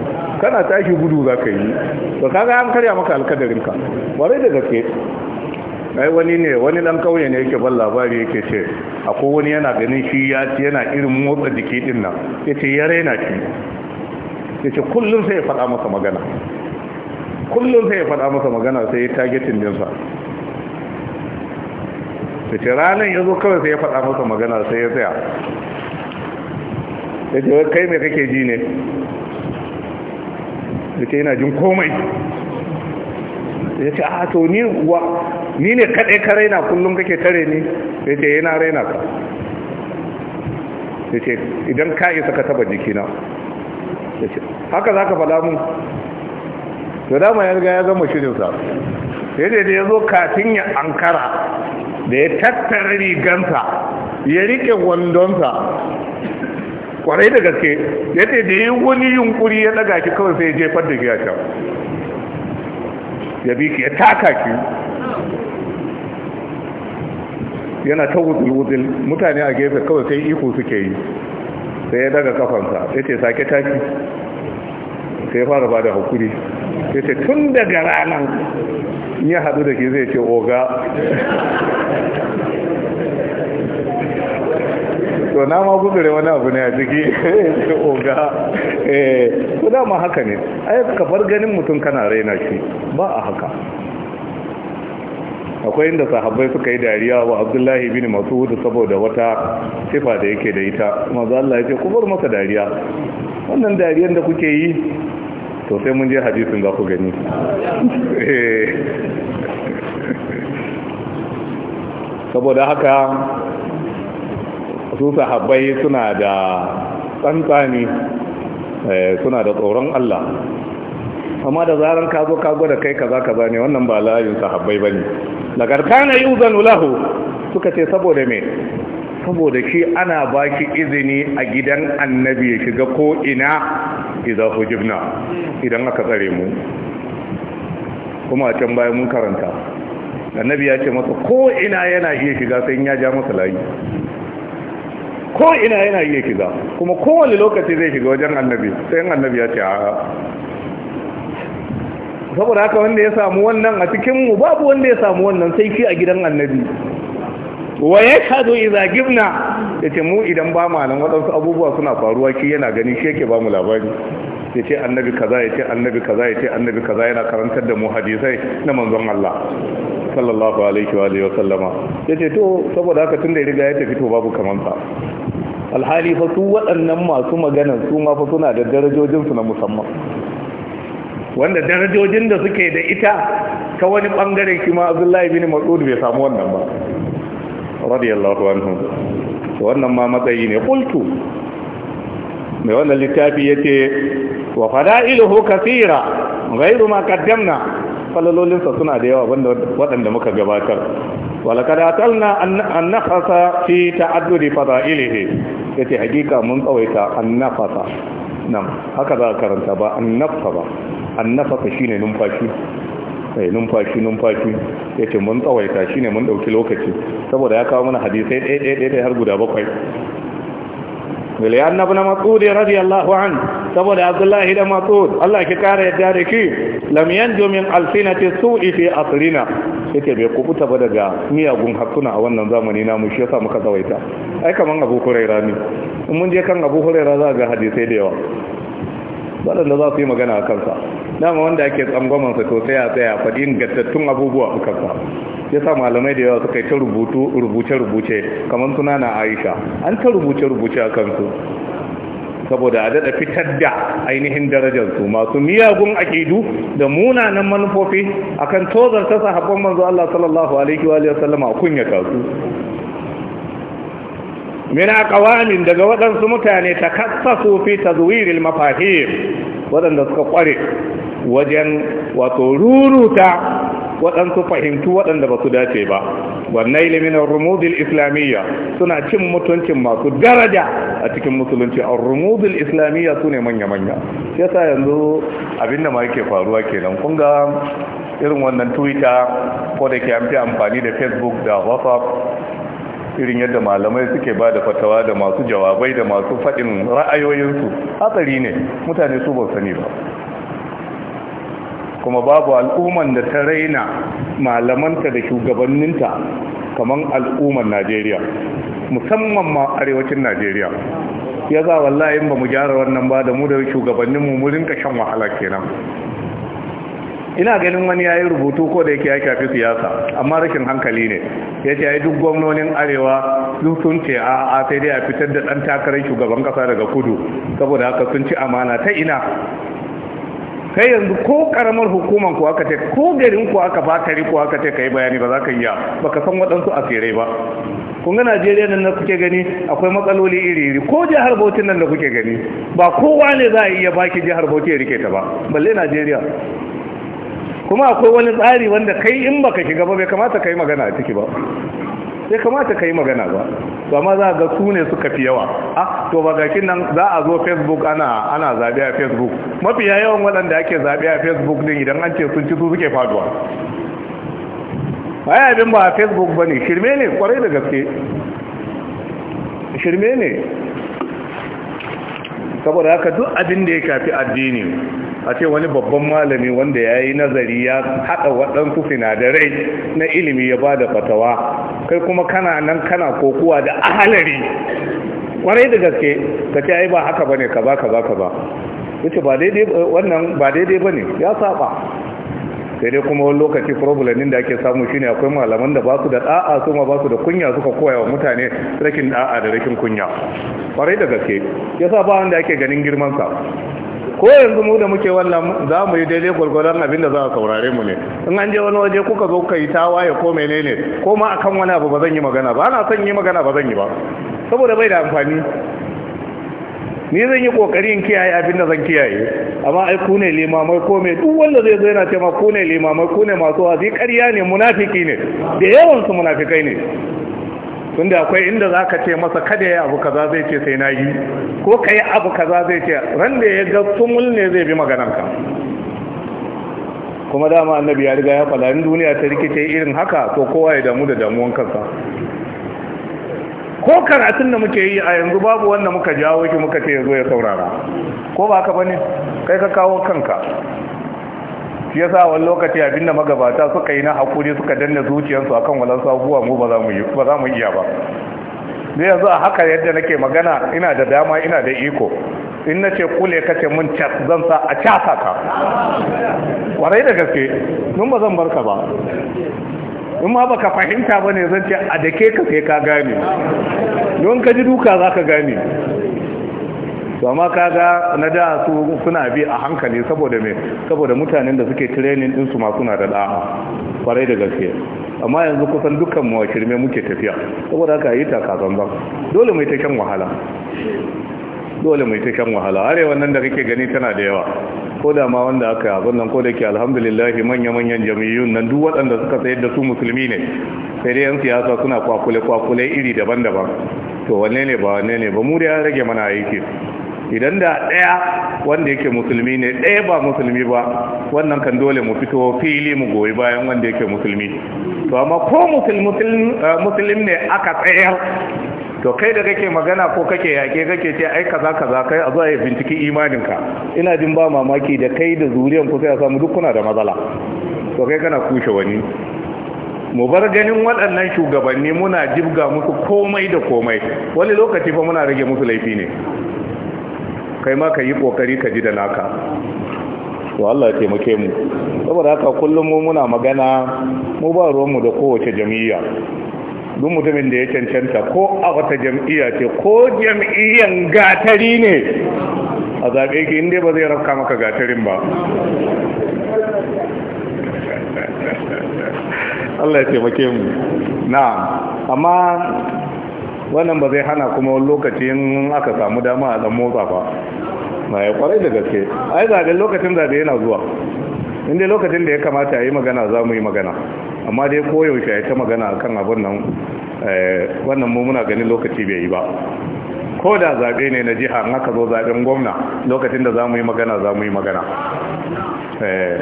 Speaker 1: kana tashi gudu za ka yi ka ga an karya maka alkadarin ka warai da gaske ai wani ne wani dan kauye ne yake ban labari yake ce akwai wani yana ganin shi ya yana irin motsa jiki din nan ce ya raina shi ya ce kullum sai ya faɗa masa magana kullum sai ya faɗa masa magana sai ya targetin dinsa ta ce ranar ya zo kawai sai ya faɗa masa magana sai ya tsaya ya ce kai mai kake ji ne ya ce yana jin komai ya ce a ah, to ni wa ni ne kaɗai ka raina kullum kake tare ni ya ce yana eh, raina ka ya ce idan ka isa ka taba jikina ya ce haka za ka faɗa mun da dama ya riga ya zama shirinsa ya ce da ya zo kafin ya ankara da ya tattara rigansa ya rike wandonsa kwarai da gaske ya ce da yi wani yunkuri ya daga ki kawai sai ya jefar da giya can ya bi ki ya taka ki yana ta wutsul-wutsul mutane a gefe kawai sai iko suke yi sai ya daga kafansa ya ce sake taki sai ya fara ba da hukuri ya ce tun daga ranar ya haɗu da ke zai ce oga to na ma gudure wani abu ne a ciki oga eh dama haka ne ai ka bar ganin mutum kana raina shi ba a haka akwai inda sahabbai suka yi dariya wa abdullahi bin masud saboda wata sifa da yake da ita manzo Allah ya ce ku masa dariya wannan dariyar da kuke yi to sai mun je hadisin za ku gani eh. saboda haka su sahabbai suna da tsantsani eh, suna da tsoron Allah amma da zarar ka zo ka gwada kai kaza kaza ne wannan ba layin sahabbai bane lagar kana yuzanu lahu suka ce saboda me saboda shi ana baki izini a gidan annabi ya shiga ko ina idan hujibna idan aka tsare mu kuma a can bayan mun karanta annabi ya ce masa ko ina yana iya shiga sai ya ja masa layi ko ina yana iya shiga kuma kowane lokaci zai shiga wajen annabi sai annabi ya ce a saboda haka wanda ya samu wannan a cikinmu babu wanda ya samu wannan sai shi a gidan annabi wa ya yakadu idza gibna ce mu idan ba mu nan wadansu abubuwa suna faruwa ki yana gani shi yake ba mu labari yace annabi kaza yace annabi kaza yace annabi kaza yana karantar da mu hadisai na manzon Allah sallallahu alaihi wa sallama. Ya ce to saboda haka tunda ya riga ya tafi to babu kaman sa alhali fa su waɗannan masu magana su ma fa suna da darajojin su na musamman wanda darajojin da suke da ita ta wani bangare shi ma Abdullahi bin Mas'ud bai samu wannan ba radiyallahu anhu wannan ma matsayi ne qultu mai wannan littafi yace wa fada'iluhu kasira ghayru ma qaddamna falalolinsa suna da yawa banda waɗanda muka gabatar walakad atalna an nafasa fi ta'addudi fadailihi yace hakika mun tsawaita an nafasa nan haka za ka karanta ba an nafasa. ba an nafa shine numfashi mai eh, numfashi numfashi ya ce mun tsawaita shi ne mun ɗauki lokaci saboda ya kawo mana hadisai ɗaiɗaiɗai har guda bakwai ولأن ابن saboda رضي الله عنه سبب Allah ki بن مسعود ki ki. Lamiyan لم ينجو من ألسنة السوء في ya ce bai kubuta ba daga miyagun hakuna a wannan zamani na mu shi sa muka tsawaita ai kamar Abu Hurairah ne in mun je kan Abu Hurairah za ga hadisai da yawa waɗanda za su yi magana a kansa dama wanda ake tsangwamansa to sai a tsaya faɗi gattattun abubuwa suka fa ya sa malamai da yawa suka yi ta rubutu rubuce-rubuce kamar suna na aisha an ta rubuce-rubuce a kansu saboda a daɗa fitar da ainihin darajarsu masu miyagun akidu da munanan manufofi akan tozar ta sahabban manzo Allah sallallahu alaihi wa sallama kunyata su mina aqwamin daga waɗansu mutane takassasu fi tazwiril mafahim waɗanda suka ƙware wajen wato ruruta waɗansu fahimtu waɗanda ba su dace ba wannan ilimin rumudul islamiyya suna cin mutuncin masu daraja a cikin musulunci a rumudul islamiyya su ne manya-manya yasa yanzu abin da ma yake faruwa kenan kun ga irin wannan twitter ko da ke amfani da facebook da whatsapp irin yadda malamai suke ba da fatawa da masu jawabai da masu faɗin ra'ayoyinsu hatsari ne mutane su ba sani ba kuma babu al'umman da ta raina malamanta da shugabanninta kamar al'umman najeriya musamman ma arewacin najeriya ya za wallahi ba mu gyara wannan ba da mu da shugabanninmu mu rinka shan wahala kenan ina ganin wani ya yi rubutu ko da yake ya shafi siyasa amma rashin hankali ne ya ce ai duk gwamnonin arewa sun ce a a sai dai a fitar da ɗan takarar shugaban ƙasa daga kudu saboda haka sun ci amana ta ina kai yanzu ko karamar hukuman ku aka ce ko garin ku aka fatari ku aka ce kai bayani ba za ka iya ka san waɗansu asirai ba kun ga Najeriya nan da kuke gani akwai matsaloli iri-iri ko jihar Bauchi nan da kuke gani ba kowa ne za a iya baki jihar Bauchi ya rike ta ba balle Najeriya kuma akwai wani tsari wanda kai in baka shiga ba bai kamata kai magana a ciki ba sai kamata kai magana ba Ba ma za ga su ne suka fi yawa ah to ba gakin nan za a zo facebook ana ana zabe a facebook mafiya yawan waɗanda ake zabe a facebook din idan an ce sun ci su suke faduwa ya abin ba a facebook ba ne. shirme ne kwarai da gaske shirme ne saboda haka duk abin da ya kafi addini a ce wani babban malami wanda ya yi nazari ya haɗa waɗansu sinadarai na ilimi ya ba da fatawa kai kuma kana nan kana kokuwa da ahalari kwarai da gaske ka ce ai ba haka ba ne ka ba ka ba ka ba wuce ba daidai wannan ba daidai ba ne ya saba sai dai kuma wani lokaci furobulanin da ake samu shi ne akwai malaman da ba su da da'a su ma ba su da kunya suka koya wa mutane rakin da'a da rakin kunya kwarai da gaske sa ba wanda ake ganin girmansa. ko yanzu mu da muke wannan za mu yi daidai gwargwaron abin da za a saurare mu ne in an je wani waje kuka zo ka yi waye ko menene ko ma akan wani abu ba zan yi magana ba ana son yi magana ba zan yi ba saboda bai da amfani ni zan yi kokari in kiyaye abin da zan kiyaye amma ai ku ne limamai ko me duk wanda zai zo yana ce ma ku ne limamai ku ne masu wazi ƙarya ne munafiki ne da yawan su munafikai ne tunda akwai inda za ka ce masa kada ya abu kaza zai ce sai na yi ko ka yi abu kaza zai ce ran da ya ga tumul ne zai bi maganarka kuma dama annabi ya riga ya fada in duniya ta rikice irin haka to kowa ya damu da damuwan kansa ko karatun da muke yi a yanzu babu wanda muka jawo ki muka ce ya zo ya saurara ko ba ka bane kai ka kawo kanka shi yasa wani lokaci abinda magabata suka yi na hakuri suka danna zuciyarsu akan walansu sabuwa mu ba za mu ba za mu iya ba dai yanzu a haka yadda nake magana ina da dama ina da iko in nace kule kace mun chat zan sa a chata ka kwarai da gaske mun ba zan barka ba in ma baka fahimta bane zan ce a dake ka sai ka gane don ka ji duka zaka gane to ma kaga na da su suna bi a hankali saboda me saboda mutanen da suke training din su ma suna da da'a kwarai da gaske amma yanzu kusan dukkan mu shirme muke tafiya saboda haka yi taka zanzan dole mai ta kyan wahala dole mai ta wahala arewa nan da kake gani tana da yawa ko da ma wanda aka abin nan ko da ke alhamdulillah manya-manyan jami'un nan duk waɗanda suka sayar da su musulmi ne sai dai yan siyasa suna kwakule-kwakule iri daban-daban to wanne ne ba wanne ne ba mu da ya rage mana aiki idan da ɗaya wanda yake musulmi ne ɗaya ba musulmi ba wannan kan dole mu fito fili mu goyi bayan wanda yake musulmi to amma ko eh, musulmi ne aka tsayar to kai da kake magana ko kake yake kake ce ai kaza kaza kai a zuwa ya binciki imaninka ina jin ba mamaki da kai da zuriyan ku sai a samu duk kuna da matsala to kai kana kushe wani mu bar ganin waɗannan shugabanni muna jibga musu komai da komai wani lokaci fa muna rage musu laifi ne kai ma ka yi kokari ka ji da naka to Allah ya taimake mu saboda haka kullum mu muna magana mu ba ruwan mu da kowace jam'iyya duk mutumin da ya cancanta ko a wata jam'iyya ce ko jam'iyyan gatari ne a zaɓe ki inda ba zai rafka maka gatarin ba Allah ya taimake mu na amma wannan ba zai hana kuma wani lokacin aka samu dama a dan motsa ba na ya kwarai da gaske ai zaɓe lokacin zaɓe yana zuwa inda lokacin da ya kamata a yi magana za mu yi magana amma dai koyaushe ya ta magana a kan abin nan eh, wannan mu muna ganin lokaci bai yi ba ko da zaɓe ne na jiha in aka zo zaɓen gwamna lokacin da za mu yi magana za mu yi magana eh,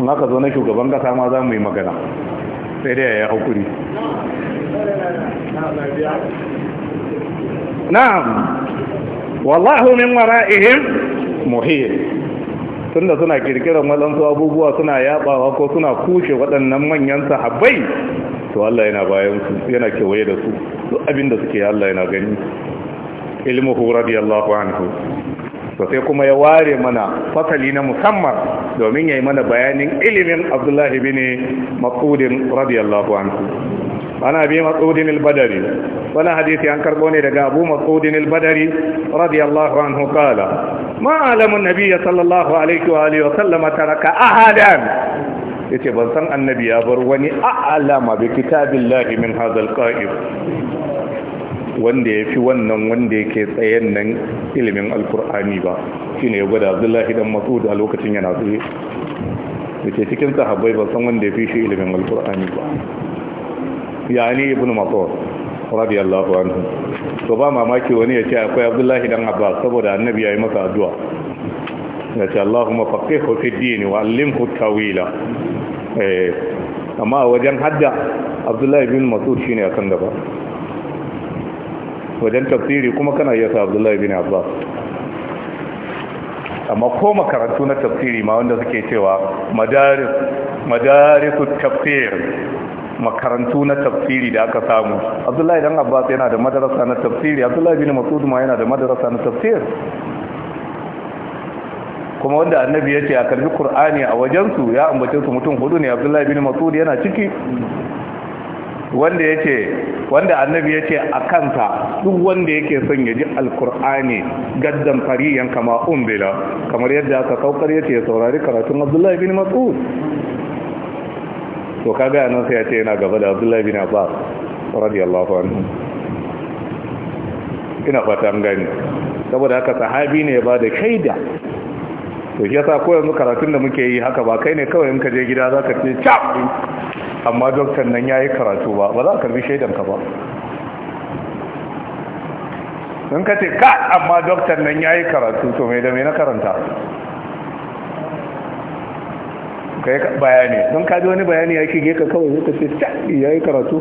Speaker 1: in aka zo na shugaban ƙasa ma za mu yi magana sai dai ya haƙuri na'am wallahu min wara'ihim muhit tunda suna kirkiran waɗansu abubuwa suna yabawa ko suna kushe waɗannan manyan sahabbai to Allah yana bayan su yana kewaye da su duk abinda suke Allah yana gani ilmuhu radiyallahu anhu to sai kuma ya ware mana fasali na musamman domin ya yi mana bayanin ilimin abdullahi bin matsudin radiyallahu anhu ana bi matsudin albadari wani hadisi an karbo ne daga abu matsudin albadari radiyallahu anhu kala ma alamun nabiya sallallahu alaihi wa alihi wa sallama taraka ahadan yace ban san annabi ya bar wani a'lama bi kitabillahi min hadha alqa'id wanda ya fi wannan wanda yake tsayen nan ilimin alkur'ani ba shi ne ya gwada abdullahi dan masud a lokacin yana tsaye da ke cikin sahabbai ba san wanda ya fi shi ilimin alkur'ani ba ya ne ibn masud radiyallahu anhu to ba mamaki wani ya ce akwai abdullahi dan Abba saboda annabi ya yi masa addu'a ya ce allahumma faqihu fi dini wa allimhu tawila eh, amma wajen hadda abdullahi bin masud shine akan gaba wajen tafsiri kuma kana iya sa abdullahi bin abbas amma ko makarantu na tafsiri ma wanda suke cewa madaris madarisu tafsir makarantu na tafsiri da aka samu abdullahi dan abbas yana da madarasa na tafsiri abdullahi bin masud ma yana da madarasa na tafsir kuma wanda annabi ya ce a karbi qur'ani a wajensu ya ambace su mutum hudu ne abdullahi bin masud yana ciki wanda yake wanda annabi yake a kanta duk wanda yake son ya ji alkur'ani gaddan fariyan kama umbila kamar yadda aka saukar yace ya saurari karatun abdullahi bin mas'ud to kaga nan sai ya ce yana gaba da abdullahi bin abbas radiyallahu anhu ina fata an gani saboda haka sahabi ne ba da shaida to shi yasa ko yanzu karatun da muke yi haka ba kai ne kawai in ka je gida zaka ce cha amma doktan nan ya yi karatu ba ba za a karbi shaidanka ba sun ka ce ka amma doktan nan ya yi karatu to mai da mai na karanta ka yi bayani don kaji wani bayani ya shige ka kawai ka ce ya yi karatu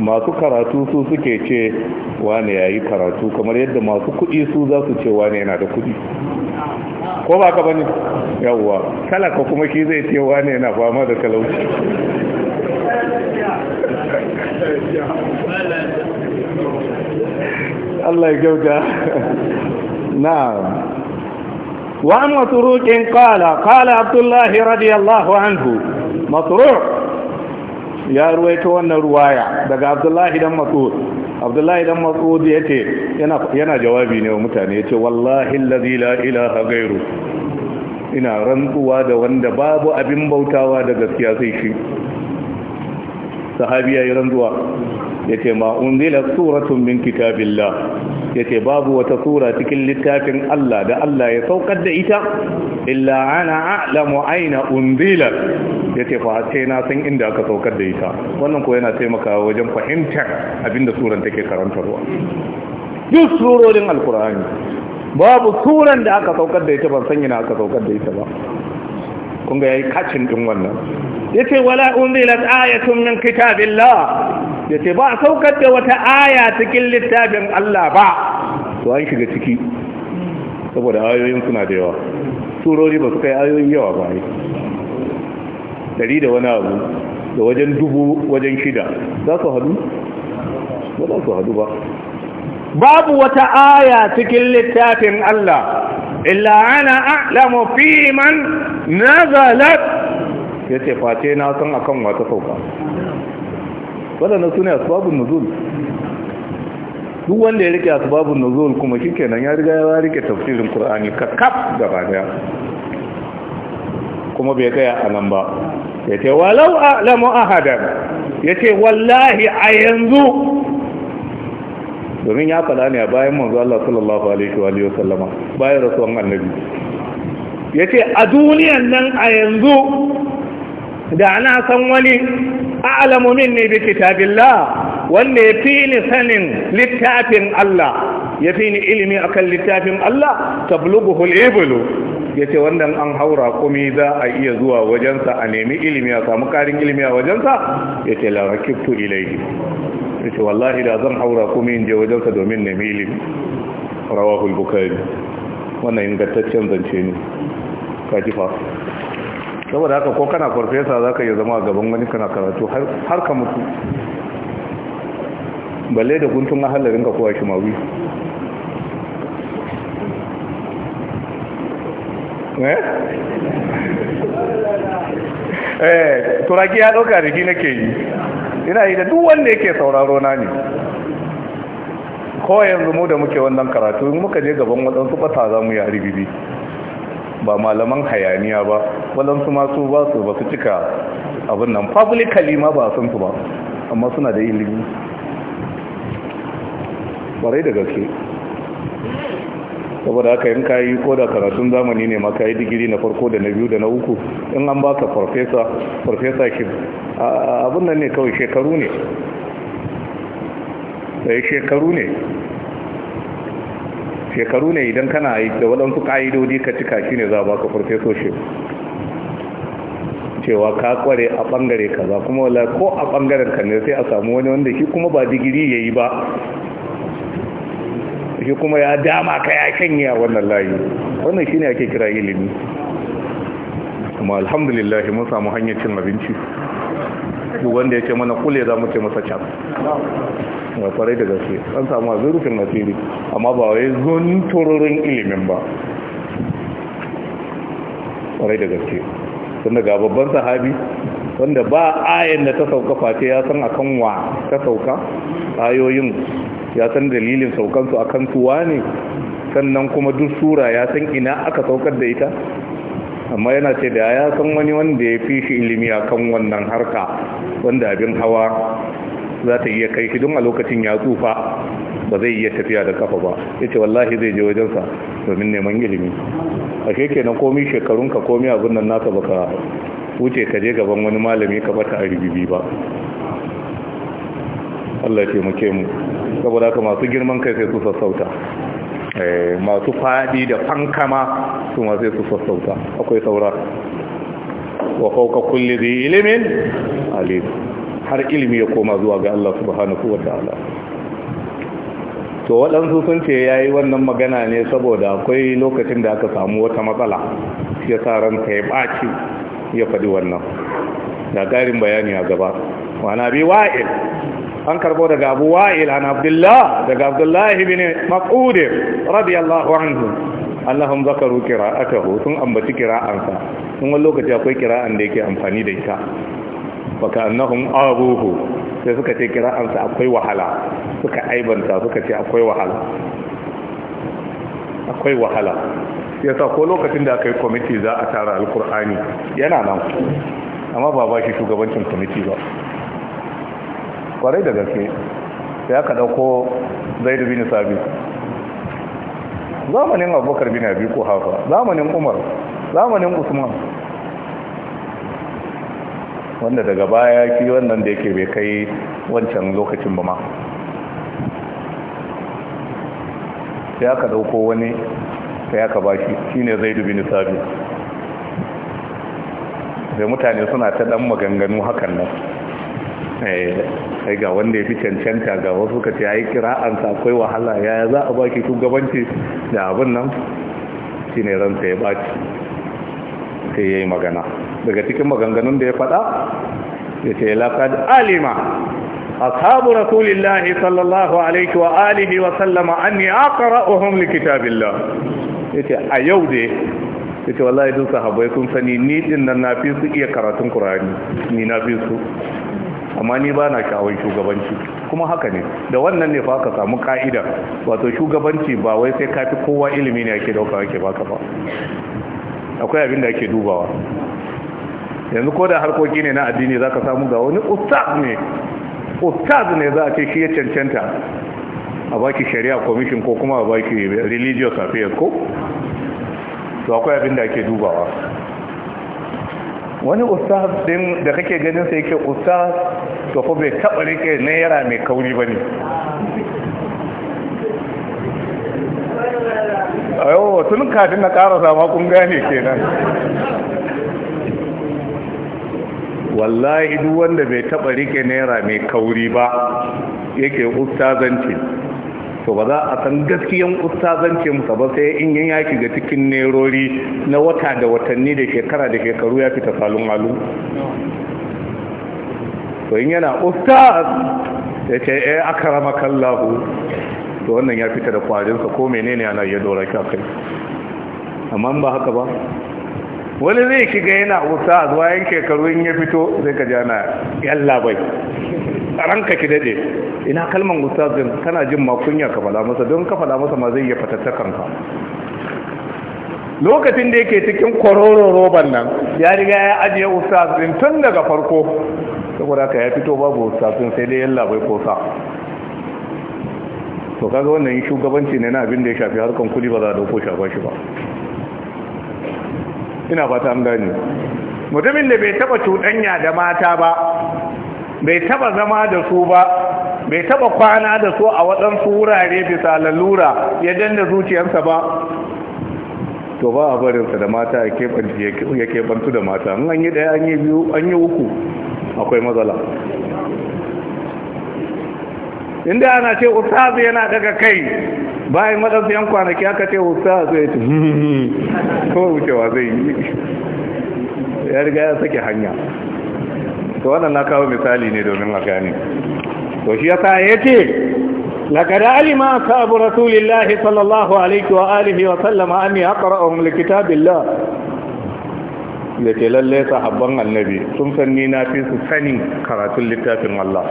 Speaker 1: masu karatu su suke ce wane ya yi karatu kamar yadda masu kuɗi su za su ce wane yana da kuɗi ko ba ka bani yawwa talaka kuma ki, zai ce wane yana fama da talauci Allah ya gauta na'am وعن مسروق قال قال عبد Abdullahi radiyallahu anhu عنه مسروق ya ta wannan ruwaya daga abdullahi dan mas'ud abdullahi dan yace yana yana jawabi ne wa mutane yace wallahi allazi ilaha ina rantsuwa da wanda babu abin bautawa da gaskiya sai shi sahabi yayi rantsuwa yace ma unzila suratun min kitabillah yace babu wata sura cikin littafin Allah da Allah ya saukar da ita illa ana a'lamu aina unzila yace fa sai na san inda aka saukar da ita wannan ko yana taimakawa wajen fahimtar abinda suran take karantarwa duk surorin alkur'ani babu suran da aka saukar da ita ban san yana aka saukar da ita ba kun ga yi kacin din wannan yace wala unzilat ayatun min kitabillah ya ce ba a saukar da wata aya cikin littafin Allah ba to an shiga ciki saboda ayoyin suna da yawa surori ba su kai ayoyin yawa ba ne dari da wani abu da wajen dubu wajen shida za su hadu ba za su hadu ba babu wata aya cikin littafin Allah illa ana a'lamu fi man nazalat yace face na san akan wata sauka waɗannan su ne asibabin nuzul duk wanda ya rike asibabin nuzul kuma shi kenan ya riga ya rike tafsirin ƙur'ani ka kaf gaba daya kuma bai tsaya a nan ba ya ce walau a lamu ahadan ya ce wallahi a yanzu domin ya fada ne a bayan manzo Allah sallallahu alaihi wa alihi sallama bayan rasuwan annabi ya ce a duniyan nan a yanzu da ana san wani a'lamu minni bi kitabillah wanda ya fi ni sanin littafin Allah ya fi ni ilimi akan littafin Allah tablughu al-iblu yace wannan an haura kuma za a iya zuwa wajensa a nemi ilimi a samu karin ilimi a wajensa yace la rakibtu ilayhi yace wallahi da zan haura kuma in je wajensa domin nemi ilimi rawahu al-bukhari wannan ingantaccen zance ne kaji fa saboda haka ko kana farfesa za ka iya zama gaban wani kana karatu har ka mutu balle da guntun mahallarin ka kowa shi mawi eh? eh turaki ya dauka da shi nake yi ina yi da duk wanda yake sauraro na ne ko yanzu mu da muke wannan karatu muka je gaban waɗansu ta za mu yi ribibi ba malaman hayaniya ba waɗansu masu ba su ba su cika abin nan publicly ma ba san su ba amma suna da ilimi barai da gaske saboda aka yin kayi ko da karatun zamani ne maka yi digiri na farko da na biyu da na uku in an ba ka farfesa farfesa ki abin nan ne kawai shekaru ne sai eh, shekaru ne shekaru ne idan kana da waɗansu ƙa'idodi ka cika shi ne za a baka farfesoshi cewa ka kware a bangare kaza kuma wala ko a bangaren ka ne sai a samu wani wanda shi kuma ba digiri yayi ba shi kuma ya dama ka ya kanya wannan layi wannan shine ake kira ilimi kuma alhamdulillah mun samu hanyar cin abinci duk wanda yake mana kule za mu ce masa can mai kwarai da gaske an samu a zurfin asiri amma ba wai zon tururin ilimin ba kwarai da gaske tunda ga babban sahabi wanda ba ayan da ta sauka face ya san akan wa ta sauka ayoyin ya san dalilin saukansu akan tuwa ne sannan kuma duk sura ya san ina aka saukar da ita amma yana ce da ya san wani wanda ya fi shi ilimi akan wannan harka wanda abin hawa za ta iya kai shi don a lokacin ya tsufa ba zai iya tafiya da kafa ba yace wallahi zai je wajensa domin neman ilimi ashe kenan komi shekarunka komi abin nan naka baka wuce ka je gaban wani malami ka bata a ribibi ba Allah ya taimake mu saboda ka masu girman kai sai su sassauta eh, masu faɗi da fankama su ma sai su sassauta akwai saura wa fauka kulli zai ilimin alim har ilimi ya koma zuwa ga Allah subhanahu wa ta'ala to waɗansu sun ce ya yi wannan magana ne saboda akwai lokacin da aka samu wata matsala ya sa ranka ya ɓaci ya faɗi wannan da ƙarin bayani a gaba wana bi wa'il an karbo daga abu wa'il an abdullah daga abdullah ibn mas'ud radiyallahu anhu allahum zakaru qira'atahu sun ambaci qira'ansa sun wani lokaci akwai qira'an da yake amfani da ita baka ka'annahum abuhu sai suka ce kira'arsa akwai wahala suka aibanta suka ce akwai wahala akwai wahala sa ko lokacin da aka yi kwamiti za a tara alkur'ani yana nan amma ba ba shi shugabancin kwamiti ba kwarai da gaske ya ka dauko zai da bini sabi zamanin abokar bini abi ko hafa zamanin umar zamanin usman wanda daga baya ki wannan da yake bai kai wancan lokacin ba ma sai aka dauko wani sai aka bashi shine zai dubi sabi da mutane suna ta dan maganganu hakan nan sai eh, ga wanda ya fi cancanta ga wasu ka ce ya yi kira'ansa akwai wahala yaya za a baki shugabanci da abin nan shine ransa ya baci sai ya yi magana daga cikin maganganun da ya faɗa ya ce laqad alima ashabu rasulillahi sallallahu alaihi wa alihi wa sallama anni aqra'uhum likitabillah yace a yau da yace wallahi duk sahabbai sun sani ni din nan na fi su iya karatun Qur'ani ni na fi su amma ni ba na kyawun shugabanci kuma haka ne da wannan ne fa ka samu ka'ida wato shugabanci ba wai sai ka fi kowa ilimi ne ake dauka ake baka ba akwai abin da ake dubawa yanzu ko da harkoki ne na addini za ka samu ga wani ustaz ne ustaz ne za a ce shi ya cancanta a baki shari'a commission ko kuma a baki religious affairs ko to akwai abin da ake dubawa wani ustaz din da kake ganin sai yake ustaz to fa bai taba rike naira mai kauri bane ayo tun kafin na karasa ma kun gane kenan wallahi duk wanda bai taba rike naira mai kauri ba yake ustazanci to ba za a san gaskiyan ustazancin sa ba sai in yin yaki ga cikin nerori na wata da watanni da shekara da shekaru ya fita salon alu to in yana ustaz ya ce eh akrama kallahu to wannan ya fita da kwarinsa ko menene ana iya dora shi kai? amma ba haka ba wani zai shiga yana wuta a zuwa yanke shekaru in ya fito zai ka jana yalla bai ranka ki dade ina kalman wuta din kana jin makunya ka fada masa don ka fada masa ma zai iya fatattakan ka lokacin da yake cikin kororon roban nan ya riga ya ajiye wuta din tun daga farko saboda ka ya fito babu wuta din sai dai yalla bai kosa to kaga wannan shugabanci ne na abin da ya shafi harkan kudi ba za a dauko shafa shi ba ina fata an gani mutumin da bai taba cuɗanya da mata ba bai taba zama da su ba bai taba kwana da su a waɗansu wurare bisa lalura ya danda zuciyarsa ba to ba a barinsa da mata ya keɓantu da mata an yi ɗaya an yi biyu an yi uku akwai matsala inda ana ce ustaz yana daga kai bayan madansu yan kwanaki aka ce ustaz ya ce hmm, ko wucewa zai yi ya riga ya sake hanya to wannan na kawo misali ne domin a gane to shi ya yasa yace لقد علم أصحاب رسول الله صلى الله عليه وآله وسلم أني أقرأهم لكتاب الله yake lalle sahabban annabi sun san ni na fi su sani karatun littafin Allah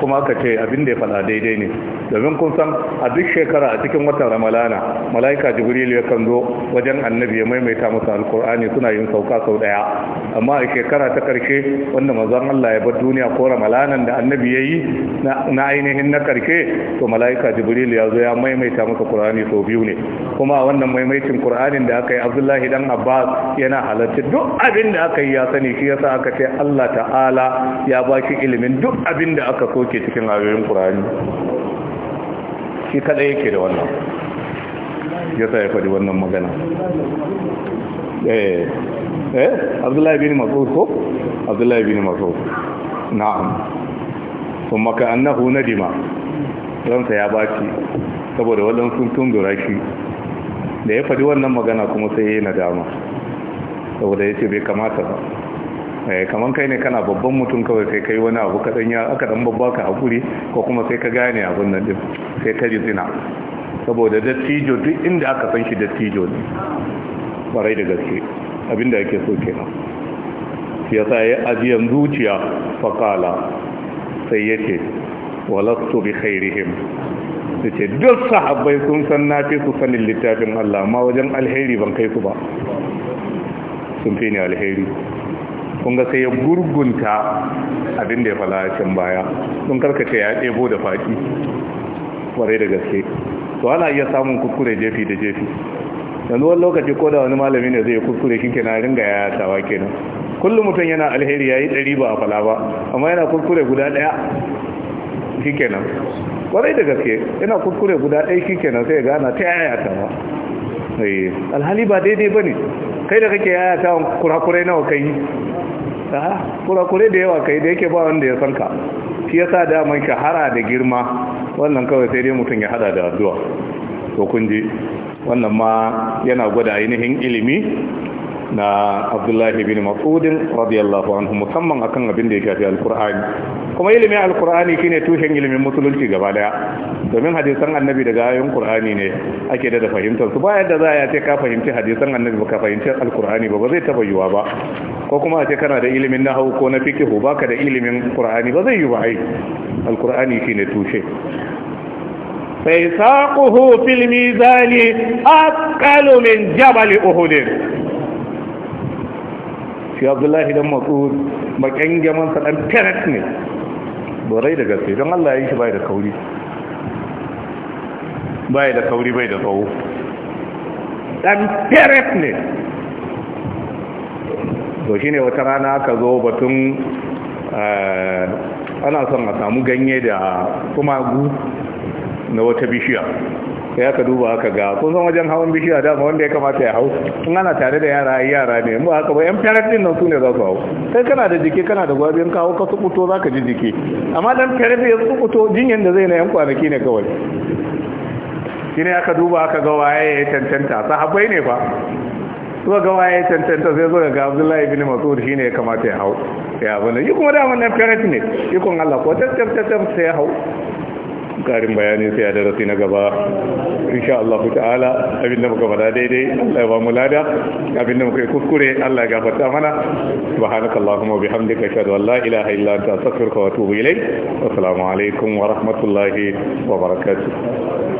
Speaker 1: kuma aka ce abin da ya faɗa daidai ne domin kun san a duk shekara a cikin watan ramalana mala'ika jibril ya kan zo wajen annabi ya maimaita masa alkur'ani suna yin sauka sau daya amma a shekara ta karshe wanda mazan Allah ya bar duniya ko ramalanan da annabi ya yi na ainihin na karshe to mala'ika jibril ya zo ya maimaita masa kur'ani sau biyu ne kuma a wannan maimaicin kur'anin da aka yi abdullahi dan abbas yana halarci duk abin da aka yi ya sani shi yasa aka ce Allah ta'ala ya ba shi ilimin duk abin da aka so suke cikin ayoyin ƙurani shi kada yake da wannan ya sa ya faɗi wannan magana eh eh abdullahi bin masu ko abdullahi bin masu na'am kuma ka annahu nadima ransa ya baki saboda wannan sun tundura shi da ya faɗi wannan magana kuma sai ya yi nadama saboda ya ce bai kamata ba Eh, kamar kai ne kana babban mutum kawai sai kai wani abu kadan ya aka dan babba ka hakuri ko kuma sai ka gane abun nan din sai ka zina. saboda dattijo duk inda aka san shi dattijo ne barai da gaske abinda yake so kenan yasa ya ajiyan zuciya faqala sai yace walastu bi khairihim su ce duk sahabbai sun san na fi su sanin littafin Allah ma wajen alheri ban kai su ba sun fi ni alheri Kunga ga sai ya gurgunta abin da ya fala can baya sun karkace ya ɗebo da faɗi kwarai da gaske to ana iya samun kuskure jefi da jefi yanzu wani lokaci ko da wani malami ne zai kuskure shi kenan ringa ya tawa kenan kullum mutum yana alheri ya yi ɗari ba a fala ba amma yana kuskure guda ɗaya shi kenan kwarai da gaske yana kuskure guda ɗaya shi kenan sai ya gana ta yaya ta ba eh, alhali ba daidai ba ne kai da kake yaya ta kurakurai nawa kai kurakure da yawa kai da yake ba wanda ya san ka shi yasa da ka hara da girma wannan kawai sai dai mutum ya hada da addu'a to kun ji wannan ma yana gwada ainihin ilimi na abdullahi bin mas'udin radiyallahu anhu musamman akan abin da ya shafi alkur'ani kuma ilimin alkur'ani shine tushen ilimin musulunci gaba daya domin hadisan annabi daga ayoyin qur'ani ne ake da fahimtar su ba yadda za a ce ka fahimci hadisan annabi ba ka fahimci alkur'ani ba ba zai taba yiwa ba ko kuma a ce kana da ilimin nahwu ko na fiqh baka da ilimin qur'ani ba zai ba ai alkur'ani shine tushe فإساقه في الميزان أثقل من جبل أهد shi abdullahi dan matsud makangaman sa dan parent ne borai da gaske don Allah ya yi shi bai da kauri bai da kauri bai da tsawo dan parent ne to shine wata rana aka zo batun eh, ana son a samu ganye da kuma na wata bishiya sai aka duba aka ga ko san wajen hawan bishiya dama wanda ya kamata ya hau in ana tare da yara yara ne mu aka ba yan parent din nan su ne za su hau sai kana da jiki kana da gwabiyan kawo ka sukuto za ka ji jiki amma dan parent ya sukuto jinyan da zai na yan kwanaki ne kawai shi ne aka duba aka ga waye ya tantanta sahabbai ne fa suka ga waye ya cancanta sai suka ga abdullahi bin masud shi ne ya kamata ya hau ya bane yi kuma daman nan parent ne kun allah ko tattattattar sai ya hau karin bayanin sai a darasi na gaba insha Allah ta'ala abinda muka faɗa daidai Allah ba mu lada abinda muka kuskure Allah ya gafarta mana subhanakallahumma wa bihamdika ashhadu an la ilaha illa anta astaghfiruka wa atubu ilayk assalamu alaikum wa rahmatullahi wa barakatuh